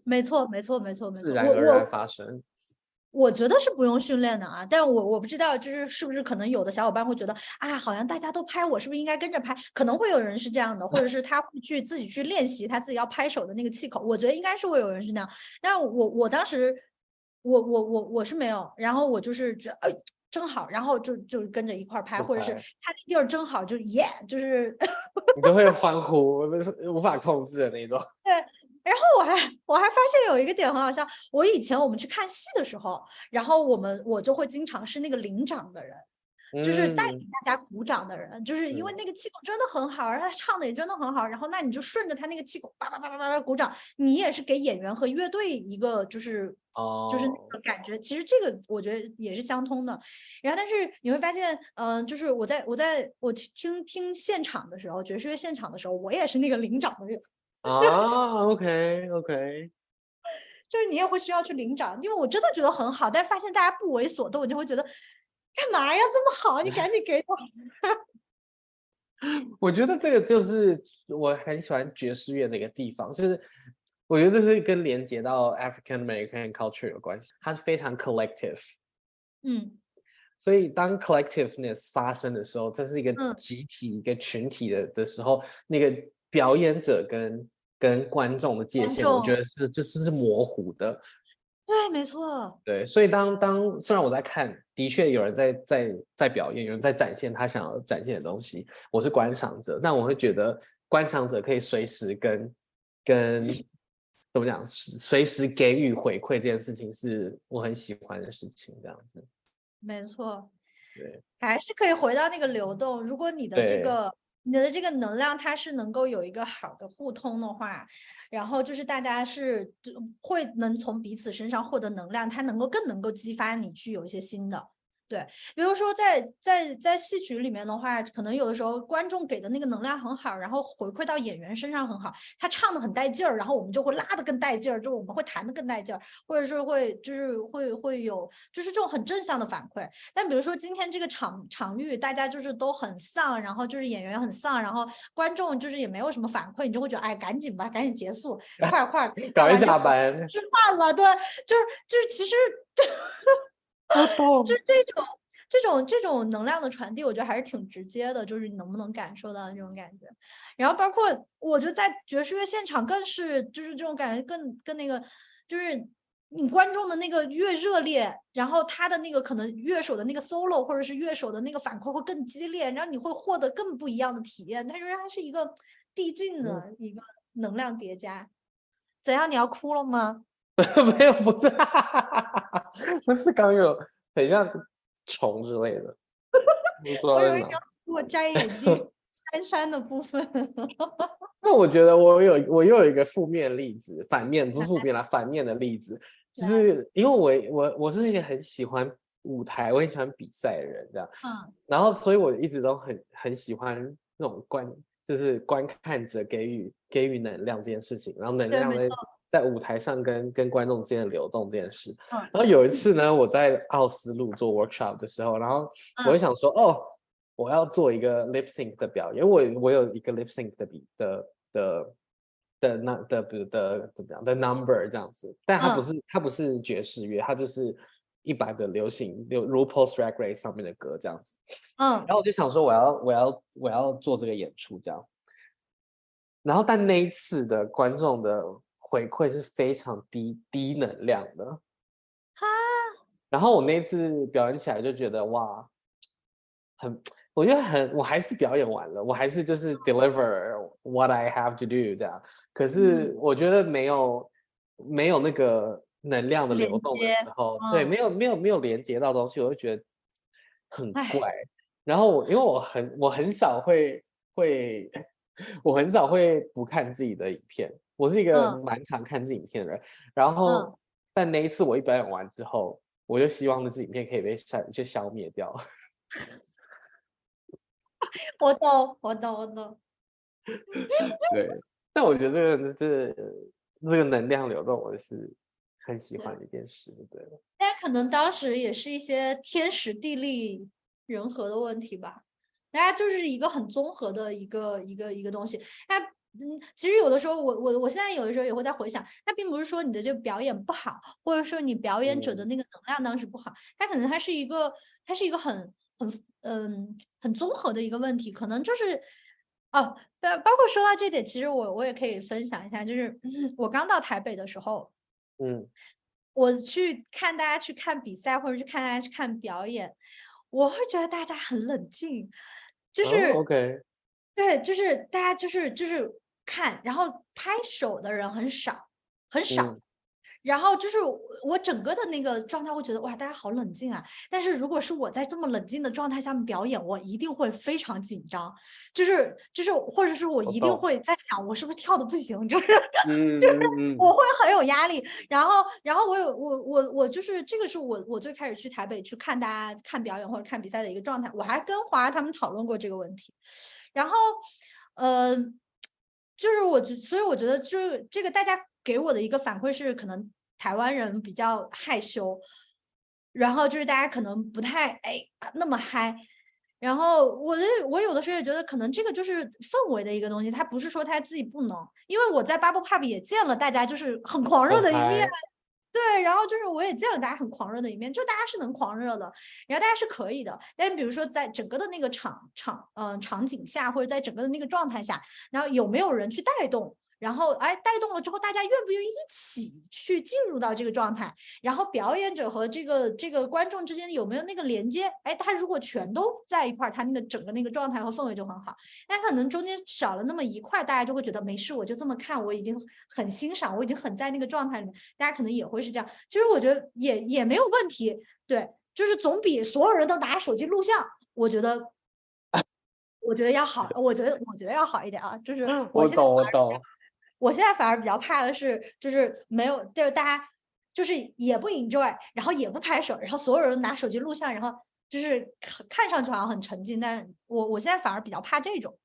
[SPEAKER 1] 沒錯，沒錯，沒錯，沒錯，自然而然發生。我覺得是不用訓練的啊，但是我我不知道，就是是不是可能有的小夥伴會覺得，啊，好像大家都拍，我是不是應該跟着拍？可能會有人是這樣的，或者是他會去自己去練習他自己要拍手的那個氣口。我覺得應該是會有人是這樣，但我我當時，我我我我是沒有，然後我就是覺得，哎，正好，然後就就跟着一塊兒拍，或者是他那地兒正好，就耶、yeah，就是
[SPEAKER 2] 你都會歡呼， 無法控制的那種。
[SPEAKER 1] 對。然後我還我還發現有一個點很好笑，像我以前我們去看戲的時候，然後我們我就會經常是那個領掌的人，就是帶領大家鼓掌的人、嗯，就是因為那個氣口真的很好，然、嗯、後他唱的也真的很好，然後那你就順着他那個氣口叭叭叭叭叭叭鼓掌，你也是給演員和樂隊一個就是哦就是那個感覺、哦，其實這個我覺得也是相通的。然後但是你會發現，嗯、呃，就是我在我在我去聽我聽，聽現場的時候，爵士樂現場的時候，我也是那個領掌的人。 啊，OK OK，就是你也會需要去領掌，因為我真的覺得很好，但是發現大家不為所動，我就會覺得幹嘛呀這麼好，你趕緊給我。
[SPEAKER 2] 我覺得這個就是我很喜歡爵士樂的一個地方，就是我覺得這是跟連接到 African American culture 有關係，它是非常 collective，嗯，所以當 collectiveness 發生的時候，這是一個集體、嗯、一個群體的的時候，那個表演者跟跟觀眾的界限，我覺得是這是是模糊的，
[SPEAKER 1] 對，沒錯，
[SPEAKER 2] 對，所以當當雖然我在看，的確有人在在在表演，有人在展現他想要展現的東西，我是觀賞者，但我會覺得觀賞者可以隨時跟跟怎麼講，隨時給予回饋，這件事情是我很喜歡的事情，這樣子，
[SPEAKER 1] 沒錯，
[SPEAKER 2] 對，
[SPEAKER 1] 還是可以回到那個流動，如果你的這個。你的這個能量，它是能夠有一個好的互通的話，然後就是大家是會能從彼此身上獲得能量，它能夠更能夠激發你去有一些新的。對，比如說在在在戲曲裡面的話，可能有的時候觀眾給的那個能量很好，然後回饋到演員身上很好，他唱的很帶勁兒，然後我們就會拉的更帶勁兒，就我們會彈的更帶勁兒，或者是會就是會會有就是這種很正向的反饋。但比如說今天這個場場域，大家就是都很喪，然後就是演員很喪，然後觀眾就是也沒有什麼反饋，你就會覺得哎，趕緊吧，趕緊結束， 快快，趕緊下班，吃飯了， 對，就是就是其實。就 就這種這種這種能量的傳遞，我覺得還是挺直接的，就是你能不能感受到這種感覺。然後包括我覺得在爵士樂現場，更是就是這種感覺更更那個，就是你觀眾的那個越熱烈，然後他的那個可能樂手的那個 solo 或者是樂手的那個反饋會更激烈，然後你會獲得更不一樣的體驗。但是它是一個遞進的一個能量疊加。嗯、怎樣？你要哭了嗎？ 沒有，不是，
[SPEAKER 2] 不是，剛有很像蟲之類的。我有一種，我摘眼鏡，
[SPEAKER 1] 珊珊的部分。
[SPEAKER 2] 那 我覺得我有，我又有一個負面的例子，反面不是負面啦， 反面的例子， 就是因為我我我是一個很喜歡舞台，我很喜歡比賽的人，這樣。嗯。 然後，所以我一直都很很喜歡那種觀，就是觀看者給予給予能量這件事情，然後能量的。在舞台上跟跟觀眾之間的流動電視，這件事。然後有一次呢，我在奧斯陸做 workshop 的時候，然後我就想說，uh, 哦，我要做一個 lip sync 的表演，因為我我有一個 lip sync 的比的的的那的比的怎麼樣？The number 這樣子，但它不是、uh, 它不是爵士樂，它就是一般的流行，有 Rupaul's Drag Race 上面的歌這樣子。嗯、uh,。然後我就想說我，我要我要我要做這個演出這樣。然後但那一次的觀眾的。回饋是非常低低能量的，
[SPEAKER 3] 哈。
[SPEAKER 2] 然後我那次表演起來就覺得哇，很，我覺得很，我還是表演完了，我還是就是 deliver what I have to do 這樣。可是我覺得沒有、嗯、沒有那個能量的流動的時候，嗯、對，沒有沒有沒有連接到東西，我就覺得很怪。然後我因為我很我很少會會我很少會不看自己的影片。我是一個蠻常看這影片的人，嗯、然後但那一次我一表演完之後，嗯、我就希望那支影片可以被刪，去消滅掉。
[SPEAKER 1] 我懂，我懂，我懂。 對，
[SPEAKER 2] 但我覺得這個這個、這個能量流動，我是很喜歡的一件事，對。
[SPEAKER 1] 大家可能當時也是一些天時地利人和的問題吧，大家就是一個很綜合的一個一個一個東西，嗯，其實有的時候我，我我我現在有的時候也會在回想，它並不是說你的這個表演不好，或者說你表演者的那個能量當時不好，它可能它是一個它是一個很很嗯很綜合的一個問題，可能就是哦，包包括說到這點，其實我我也可以分享一下，就是我剛到台北的時候，嗯，我去看大家去看比賽，或者去看大家去看表演，我會覺得大家很冷靜，就是，哦，OK，對，就是大家就是就是。看，然後拍手的人很少，很少、嗯。然後就是我整個的那個狀態，會覺得哇，大家好冷靜啊。但是如果是我在這麼冷靜的狀態下面表演，我一定會非常緊張。就是就是，或者是我一定會在想，我是不是跳的不行？就是就是，
[SPEAKER 3] 就是、我
[SPEAKER 1] 會很有壓力。然後、嗯、然後，然後我有我我我就是這個是我我最開始去台北去看大家看表演或者看比賽的一個狀態。我還跟華他們討論過這個問題。然後，嗯、呃。就是我，所以我覺得，就是這個大家給我的一個反饋是，可能台灣人比較害羞，然後就是大家可能不太哎那麼嗨，然後我的我有的時候也覺得，可能這個就是氛圍的一個東西，他不是說他自己不能，因為我在 Bubble Pop 也見了大家，就是很狂熱的一面。對，然後就是我也見了大家很狂熱的一面，就大家是能狂熱的，然後大家是可以的，但比如說在整個的那個場場嗯、呃、場景下，或者在整個的那個狀態下，然後有沒有人去帶動？然後哎，帶動了之後，大家願不願意一起去進入到這個狀態？然後表演者和這個這個觀眾之間有沒有那個連接？哎，他如果全都在一塊兒，他那個整個那個狀態和氛圍就很好。哎，可能中間少了那麼一塊，大家就會覺得沒事，我就這麼看，我已經很欣賞，我已經很在那個狀態裡面。大家可能也會是這樣。其實我覺得也也沒有問題，對，就是總比所有人都拿手機錄像，我覺得， 我覺得要好，我覺得我覺得要好一點啊。就是我，現
[SPEAKER 2] 在我懂，我懂。
[SPEAKER 1] 我現在反而比較怕的是，就是沒有，就是大家就是也不 enjoy，然後也不拍手，然後所有人拿手機錄像，然後就是看上去好像很沉浸，但我我現在反而比較怕這種。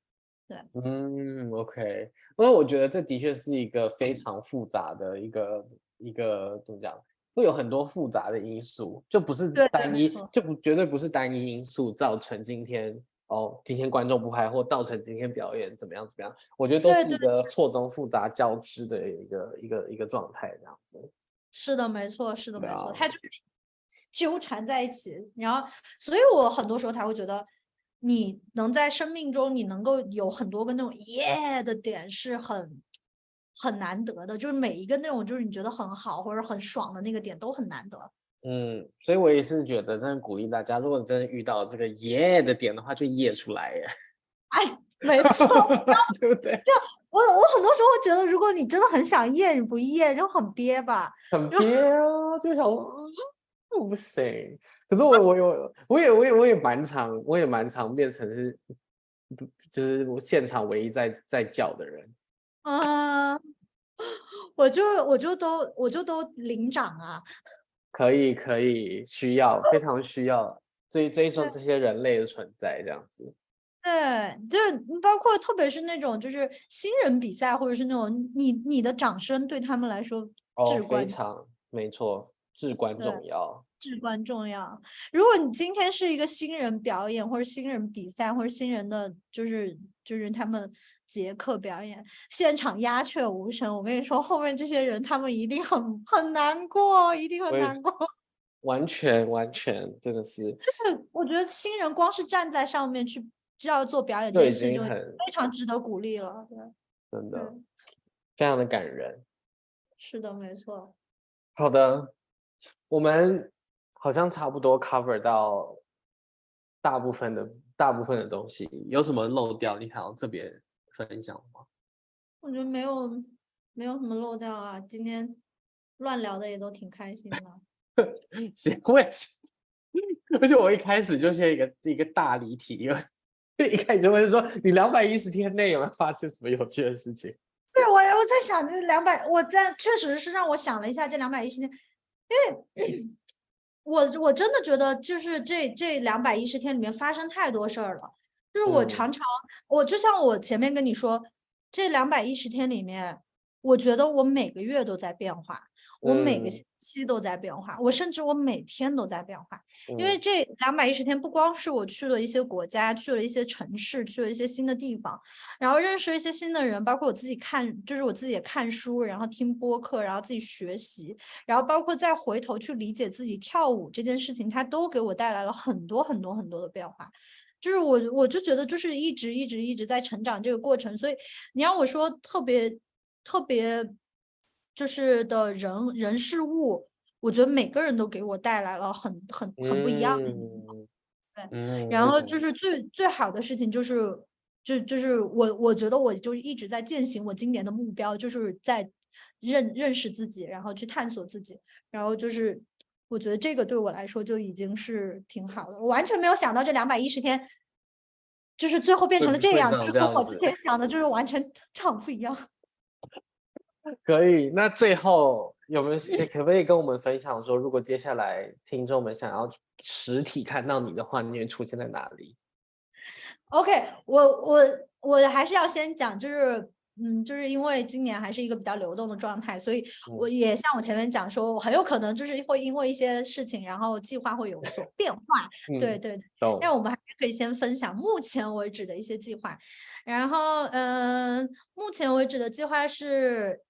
[SPEAKER 1] 對，
[SPEAKER 2] 嗯，OK，不過我覺得這的確是一個非常複雜的一個、嗯、一個怎麼講，會有很多複雜的因素，就不是單一，嗯、就不絕對不是單一因素造成今天。哦，今天觀眾不拍，或造成今天表演怎麼樣怎麼樣，我覺得都是一個錯綜複雜交織的一個對對一個一個，一個狀態這樣子。
[SPEAKER 1] 是的，沒錯，是的，啊，沒錯，它就糾纏在一起。你要，所以我很多時候才會覺得，你能在生命中你能夠有很多個那種耶的點是很很難得的，就是每一個那種就是你覺得很好或者很爽的那個點都很難得。
[SPEAKER 2] 嗯，所以我也是覺得，真的鼓勵大家，如果真的遇到這個耶、yeah、的點的話，就耶、yeah、出來耶。
[SPEAKER 1] 哎，沒錯， 對不對？就我我很多時候會覺得，如果你真的很想耶、yeah,，你不耶，就很憋吧。很憋啊，就想，
[SPEAKER 2] 不、哦、行。可是我我有，我也我也我也,我也蠻常，我也蠻常變成是，就是現場唯一在在叫的人。嗯、
[SPEAKER 1] uh,，我就我就都我就都領掌啊。
[SPEAKER 2] 可以，可以，需要非常需要這這一種，這些人類的存在這樣子。
[SPEAKER 1] 對，就包括特別是那種就是新人比賽或者是那種你你的掌聲對他們來說至關，哦，非常，
[SPEAKER 2] 沒錯，至關重
[SPEAKER 1] 要，至關重要。如果你今天是一個新人表演或者新人比賽或者新人的，就是就是他們。傑克表演，現場鴉雀無聲。我跟你說，後面這些人，他們一定很很難過，一定很難過。
[SPEAKER 2] 完全完全，真的是。
[SPEAKER 1] 我覺得新人光是站在上面去就要做表演這件事情，就已經很非常值得鼓勵了。真
[SPEAKER 2] 的，非常的感人。
[SPEAKER 1] 是的，沒錯。
[SPEAKER 2] 好的，我們好像差不多 cover 到大部分的大部分的東西，有什麼漏掉？你好像這邊分享
[SPEAKER 1] 嗎？我覺得沒有，沒有什麼漏掉啊。今天亂聊的也都挺開心的。
[SPEAKER 2] 行，而且而且我一開始就是一個一個大離題，因為一開始我就說你兩百一十天內有沒有發生什麼有趣的事情？
[SPEAKER 1] 對，我，我在想這兩百，我在確實是讓我想了一下這兩百一十天，因為我我真的覺得就是這這兩百一十天裡面發生太多事兒了。就是我常常，我就像我前面跟你說，這兩百一十天裡面，我覺得我每個月都在變化，我每個星期都在變化，我甚至我每天都在變化。因為這兩百一十天不光是我去了一些國家，去了一些城市，去了一些新的地方，然後認識一些新的人，包括我自己看，就是我自己也看書，然後聽播客，然後自己學習，然後包括再回頭去理解自己跳舞這件事情，它都給我帶來了很多很多很多的變化。就是我，我就覺得就是一直一直一直在成長這個過程，所以你要我說特別特別就是的人人事物，我覺得每個人都給我帶來了很很很不一樣的
[SPEAKER 3] 影響、嗯。對、嗯，然後
[SPEAKER 1] 就是最、嗯、最好的事情就是就就是我我覺得我就一直在踐行我今年的目標，就是在認認識自己，然後去探索自己，然後就是。我覺得這個對我來說就已經是挺好的，我完全沒有想到這兩百一十天，就是最後變成了這樣，就跟、是、我之前想的就是完全唱不一樣。樣
[SPEAKER 2] 可以，那最後有沒有也可,可不可以跟我們分享說， 如果接下來聽眾們想要實體看到你的話，你會出現在哪裡
[SPEAKER 1] ？OK，我我我還是要先講，就是。嗯，就是因為今年還是一個比較流動的狀態，所以我也像我前面講說，我、嗯、很有可能就是會因為一些事情，然後計劃會有所變化。嗯、對對，但我們還是可以先分享目前為止的一些計劃。然後，嗯、呃，目前為止的計劃是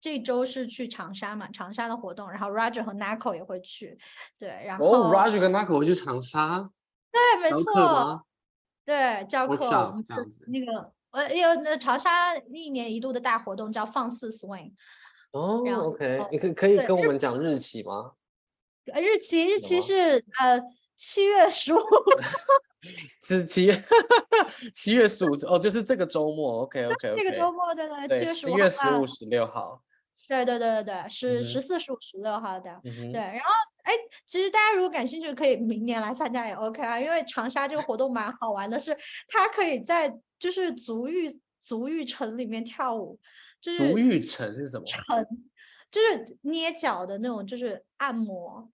[SPEAKER 1] 這周是去長沙嘛，長沙的活動，然後 Roger 和 Nicole 也會去。對，然後、哦、Roger
[SPEAKER 2] 跟 Nicole 去長沙。
[SPEAKER 1] 對，沒錯。對，教課。那個。呃，有那長沙一年一度的大活動叫放肆 swing。
[SPEAKER 2] 哦、oh,，OK，你可可以跟我們講日期嗎？
[SPEAKER 1] 呃，日期日期是呃七月十五 是七月 七月十五。
[SPEAKER 2] 十七，七月十五哦，就是這個周末。OK OK, okay. 這個周末
[SPEAKER 1] 對對對，七月十五、
[SPEAKER 2] 十六號。15,
[SPEAKER 1] 對對對對對，是十四、十五、十六號的。Mm -hmm. 對，然後哎，其實大家如果感興趣，可以明年來參加也 OK 啊。因為長沙這個活動蠻好玩的是，是 它可以在就是足浴足浴城裡面跳舞，就是足浴
[SPEAKER 2] 城是什麼？城，
[SPEAKER 1] 就是捏腳的那種，就是按摩。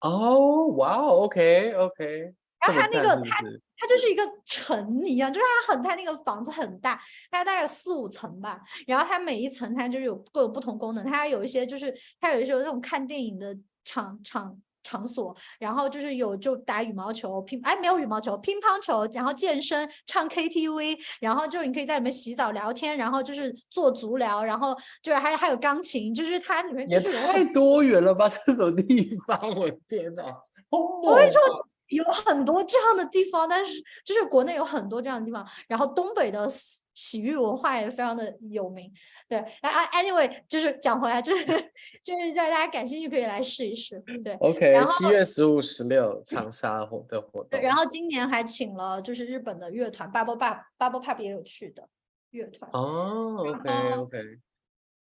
[SPEAKER 2] 哦，哇哦，OK OK。然後它那個，思。它
[SPEAKER 1] 它就是一個城一樣，就是它很它那個房子很大，它大概有四五層吧。然後它每一層它就是有各種不同功能，它還有一些就是它有一些那種看電影的場場場所，然後就是有就打羽毛球乒哎沒有羽毛球乒乓球，然後健身唱 KTV，然後就你可以在裡面洗澡聊天，然後就是做足療，然後就是還有還有鋼琴，就是它裡面也太
[SPEAKER 2] 多元了吧？這種地方，我天吶、哦。
[SPEAKER 1] 我跟你說。有很多這樣的地方，但是就是國內有很多這樣的地方。然後東北的洗洗浴文化也非常的有名。對，哎哎，anyway，就是講回來，就是，就是就是在大家感興趣可以來試一試。對，OK，七月
[SPEAKER 2] 十五、十六長沙的活動。對，
[SPEAKER 1] 然後今年還請了就是日本的樂團 Bubble Pop, Bubble Pop 也有去的樂團。哦
[SPEAKER 2] ，oh，OK
[SPEAKER 1] OK。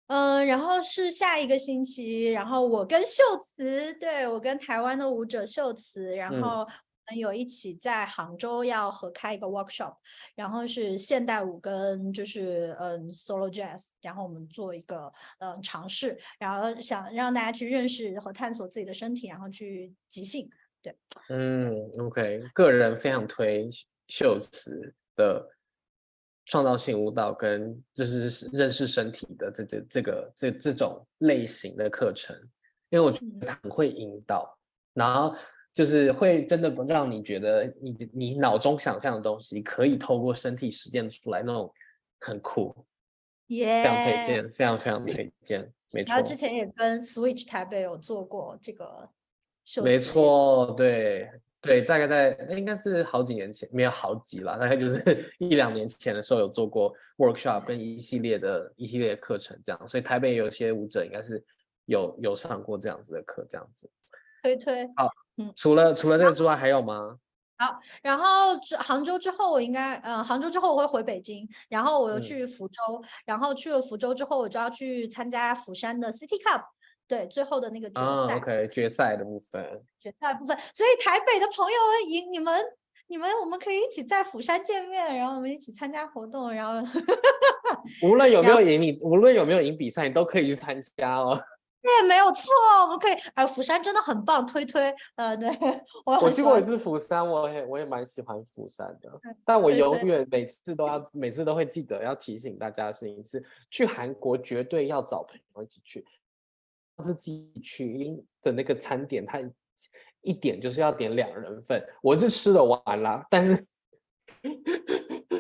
[SPEAKER 1] 嗯，然後是下一個星期，然後我跟秀慈，對，我跟台灣的舞者秀慈，然後我們有一起在杭州要合開一個 workshop，然後是現代舞跟就是嗯 solo jazz，然後我們做一個嗯嘗試，然後想讓大家去認識和探索自己的身體，然後去即興，對，
[SPEAKER 2] 嗯，OK，個人非常推秀慈的。創造性舞蹈跟就是認識身體的這這個、這個這個、這種類型的課程，因為我覺得他很會引導、嗯，然後就是會真的不讓你覺得你你腦中想象的東西可以透過身體實踐出來，那種很酷。
[SPEAKER 1] 耶、yeah，非常推薦，
[SPEAKER 2] 非常非常推薦。 沒錯錯， 他之前
[SPEAKER 1] 也跟 Switch 台北有做過這個。沒錯，
[SPEAKER 2] 對。對，大概在那應該是好幾年前，沒有好幾了，大概就是一兩年前的時候有做過 workshop 跟一系列的一系列課程這樣，所以台北有些舞者應該是有有上過這樣子的課這樣子，
[SPEAKER 1] 推推。
[SPEAKER 2] 好，嗯，除了除了這個之外還有嗎？
[SPEAKER 1] 好，然後之杭州之後我應該，嗯，杭州之後我會回北京，然後我又去福州，嗯、然後去了福州之後我就要去參加釜山的 City Cup。對，最後的那個決
[SPEAKER 2] 賽，哦，OK，決賽的部分，決賽
[SPEAKER 1] 的部分。所以台北的朋友贏你們，你們我們可以一起在釜山見面，然後我們一起參加活動，然後。
[SPEAKER 2] 無論有沒有贏你，無論有沒有贏比賽，你都可以去參加哦。
[SPEAKER 1] 對，沒有錯，我們可以。啊，釜山真的很棒，推推。呃，對，我。我去過一次
[SPEAKER 2] 釜山，我也我也蠻喜歡釜山的。嗯，但我永遠每次都要每次都會記得要提醒大家的事情是去韓國絕對要找朋友一起去。自己去的那個餐點，他一點就是要點兩人份，我是吃的完了，但是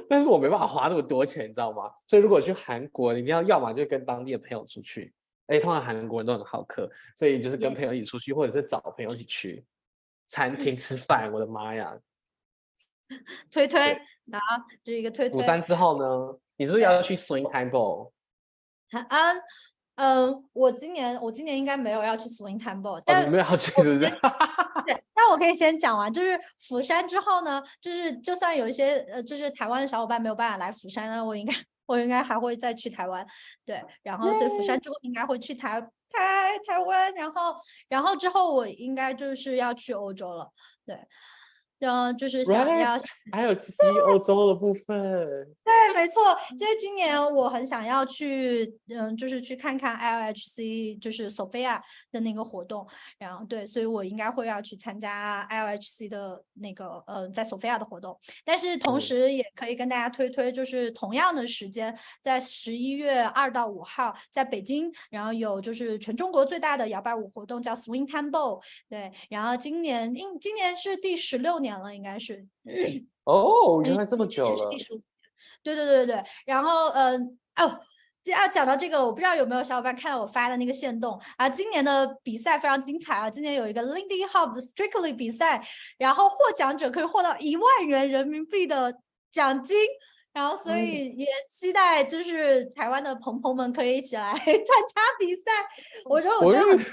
[SPEAKER 2] 但是我沒辦法花那麼多錢，你知道嗎？所以如果去韓國，你一定要要麼就跟當地的朋友出去，哎，通常韓國人都很好客，所以就是跟朋友一起出去，或者是找朋友一起去餐廳吃飯。 我的媽呀！推推，好，就一個
[SPEAKER 1] 推推。午餐
[SPEAKER 2] 之後呢？你是不是要去 Swing Time Ball？
[SPEAKER 1] 晚安。嗯，我今年我今年應該沒有要去 Swing Time Ball，但沒
[SPEAKER 2] 有去對，
[SPEAKER 1] 對。那我可以先講完，就是釜山之後呢，就是就算有一些呃，就是台灣的小夥伴沒有辦法來釜山呢，我應該我應該還會再去台灣，對。然後，所以釜山之後應該會去台台台灣，然後然後之後我應該就是要去歐洲了，對。嗯，就是想要還有 c 歐洲的部分，對，沒錯，就是今年我很想要去，嗯，就是去看看 ILHC，就是索菲亞的那個活動，然後對，所以我應該會要去參加 ILHC 的那個，嗯、呃，在索菲亞的活動，但是同時也可以跟大家推推，就是同樣的時間，嗯、在十一月二到五號，在北京，然後有就是全中國最大的搖擺舞活動叫 Swing Time Ball 對，然後今年應今年是第十六年。年了應該是
[SPEAKER 2] 哦，oh, 原來這麼久了。
[SPEAKER 1] 對對對對對，然後嗯、呃、哦，要講到這個，我不知道有沒有小伙伴看到我發的那個限動啊。今年的比賽非常精彩啊，今年有一個 Lindy Hop 的 Strictly 比賽，然後獲獎者可以獲到一萬元人民幣的獎金，然後所以也期待就是台灣的朋朋們可以一起來參加比賽。我說我真的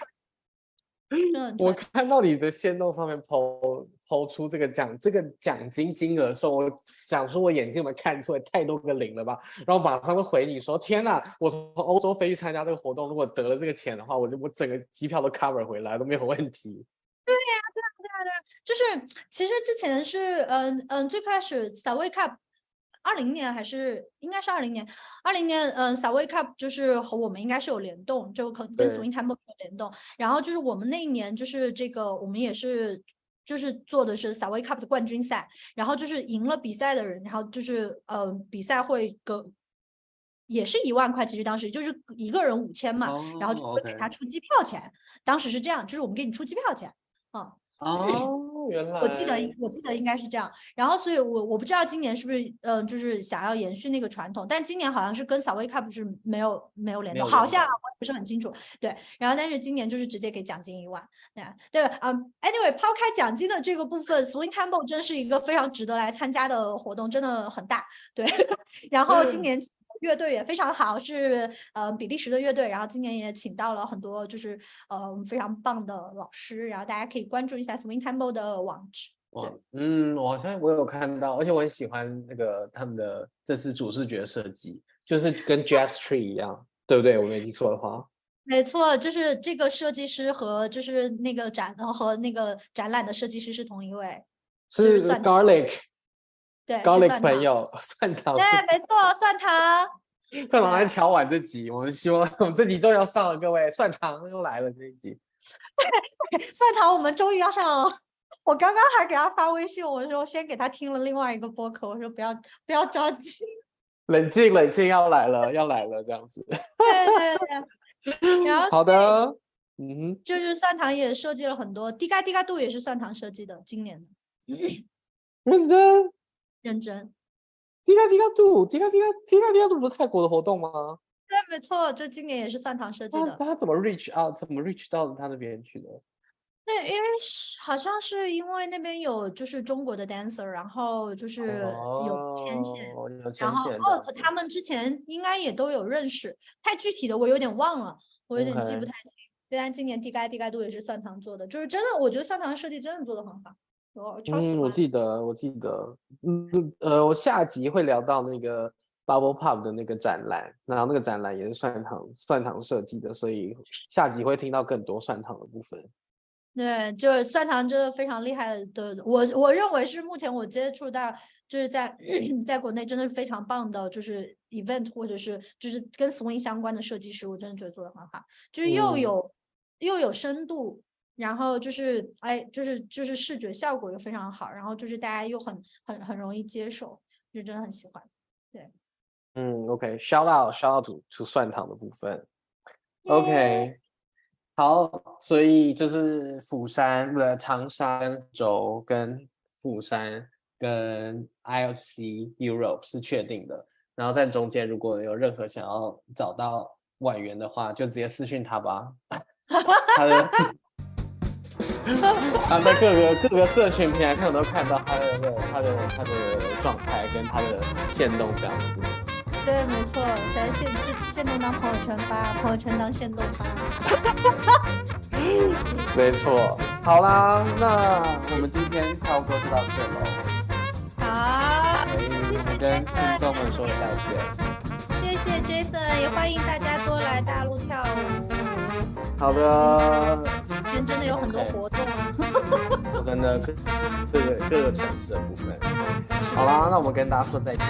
[SPEAKER 1] 我,
[SPEAKER 2] 我看到你的限動上面 PO。拋出這個獎，這個獎金金額的時候，我想說，我眼睛沒看錯，太多個零了吧？然後馬上就回你說：“天哪！我從歐洲飛去參加這個活動，如果得了這個錢的話，我就我整個機票都 cover 回來都沒有問題。
[SPEAKER 1] 對啊”對呀、啊，對呀、啊，對呀，對，呀。就是其實之前是嗯嗯，最開始 Savoy Cup 二零年還是應該是二零年，二零年嗯 Savoy Cup 就是和我們應該是有聯動，就可能跟 Swing Time 有聯動。然後就是我們那一年就是這個，我們也是。就是做的是 Savoy Cup 的冠軍賽，然後就是贏了比賽的人，然後就是呃比賽會個也是一萬塊，其實當時就是一個人五千嘛，oh, 然後就會給他出機票錢，okay. 當時是這樣，就是我們給你出機票錢，啊、嗯。Oh. 我記得我記得應該是這樣，然後所以我，我我不知道今年是不是嗯、呃，就是想要延續那個傳統，但今年好像是跟 Savoy Cup 不是沒有沒有聯動，好像我也不是很清楚。對，然後但是今年就是直接給獎金一萬，對啊嗯。Um, anyway，拋開獎金的這個部分，Swing Time Ball 真是一個非常值得來參加的活動，真的很大。對，然後今年、嗯。樂隊也非常好，是呃比利時的樂隊。然後今年也請到了很多就是呃非常棒的老師。然後大家可以關注一下 Swing Temple 的網址。
[SPEAKER 2] 哦，嗯，我好像我有看到，而且我很喜歡那個他們的這次主視覺設計，就是跟 Jazz Tree 一樣，啊，對不對？我沒記錯的話。
[SPEAKER 1] 沒錯，就是這個設計師和就是那個展和那個展覽的設計師是同一位，
[SPEAKER 2] 是 Garlic。就是高嶺朋友，蒜糖，對，yeah,
[SPEAKER 1] 沒錯，蒜糖，
[SPEAKER 2] 蒜糖來敲碗這集，我們希望我們這集都要上了，各位蒜糖又來了這一集 對，
[SPEAKER 1] 對，蒜糖，我們終於要上了，我剛剛還給他發微信，我說先給他聽了另外一個播客，我說不要不要着急，
[SPEAKER 2] 冷靜冷靜，要來了要來了這樣子，
[SPEAKER 1] 對對對，對，好的，嗯哼，就是蒜糖也設計了很多低嘎低嘎度，也是蒜糖設計的，今年的，
[SPEAKER 2] 認真。認真，Diga Diga Do 不是泰國的活動嗎？
[SPEAKER 1] 對，沒錯，就今年也是蒜堂設計的。他，他
[SPEAKER 2] 怎麼 reach out？怎麼 reach 到他那邊去的？
[SPEAKER 1] 對，因為好像是因為那邊有就是中國的 dancer，然後就是有牽
[SPEAKER 3] 線，哦，然後 b o
[SPEAKER 1] 他們之前應該也都有認識，太具體的我有點忘了，我有點記不太清。嗯、對，但今年 Diga Diga Do 也是蒜堂做的，就是真的，我覺得蒜堂設計真的做的很好。Oh, 嗯，我
[SPEAKER 2] 記得，我記得，嗯呃，我下集會聊到那個 Bubble Pop 的那個展覽，然後那個展覽也是算糖算糖設計的，所以下集會聽到更多算糖的部分。
[SPEAKER 1] 對，就是算糖，真的非常厲害的。我我認為是目前我接觸到，就是在、嗯、在國內真的是非常棒的，就是 event 或者是就是跟 Swing 相關的設計師，我真的覺得做得很好，就是又有、嗯、又有深度。然後就是哎，就是就是視覺效果又非常好，然後就是大家又很很很容易接受，就真的很喜歡。對，
[SPEAKER 2] 嗯，OK，okay. shout out, shout out to to 蒜糖的部分，OK，yeah. 好，所以就是釜山的長山軸跟釜山跟 IFC Europe 是確定的，然後在中間如果有任何想要找到婉元的話，就直接私信他吧，哈哈哈。啊，在各個各個社群平台上都看到他的他的他的狀態跟他的限動這樣子。
[SPEAKER 1] 對，沒錯，咱限制限動當朋友圈發，朋友圈當限動發。
[SPEAKER 2] 沒錯，好啦，那我們今天差不多就到這嘍。好。謝謝跟聽眾們說再見。
[SPEAKER 1] 謝謝 Jason，也歡迎大家多來大陸跳舞。
[SPEAKER 2] 好的。 真的有很多活動，Okay， 真的各個各個城市的部分。 好啦，那我們跟大家說再見，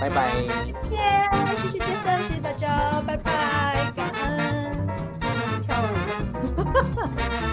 [SPEAKER 2] 拜
[SPEAKER 1] 拜。耶，謝謝杰森，謝謝大家，拜拜，感恩。跳舞。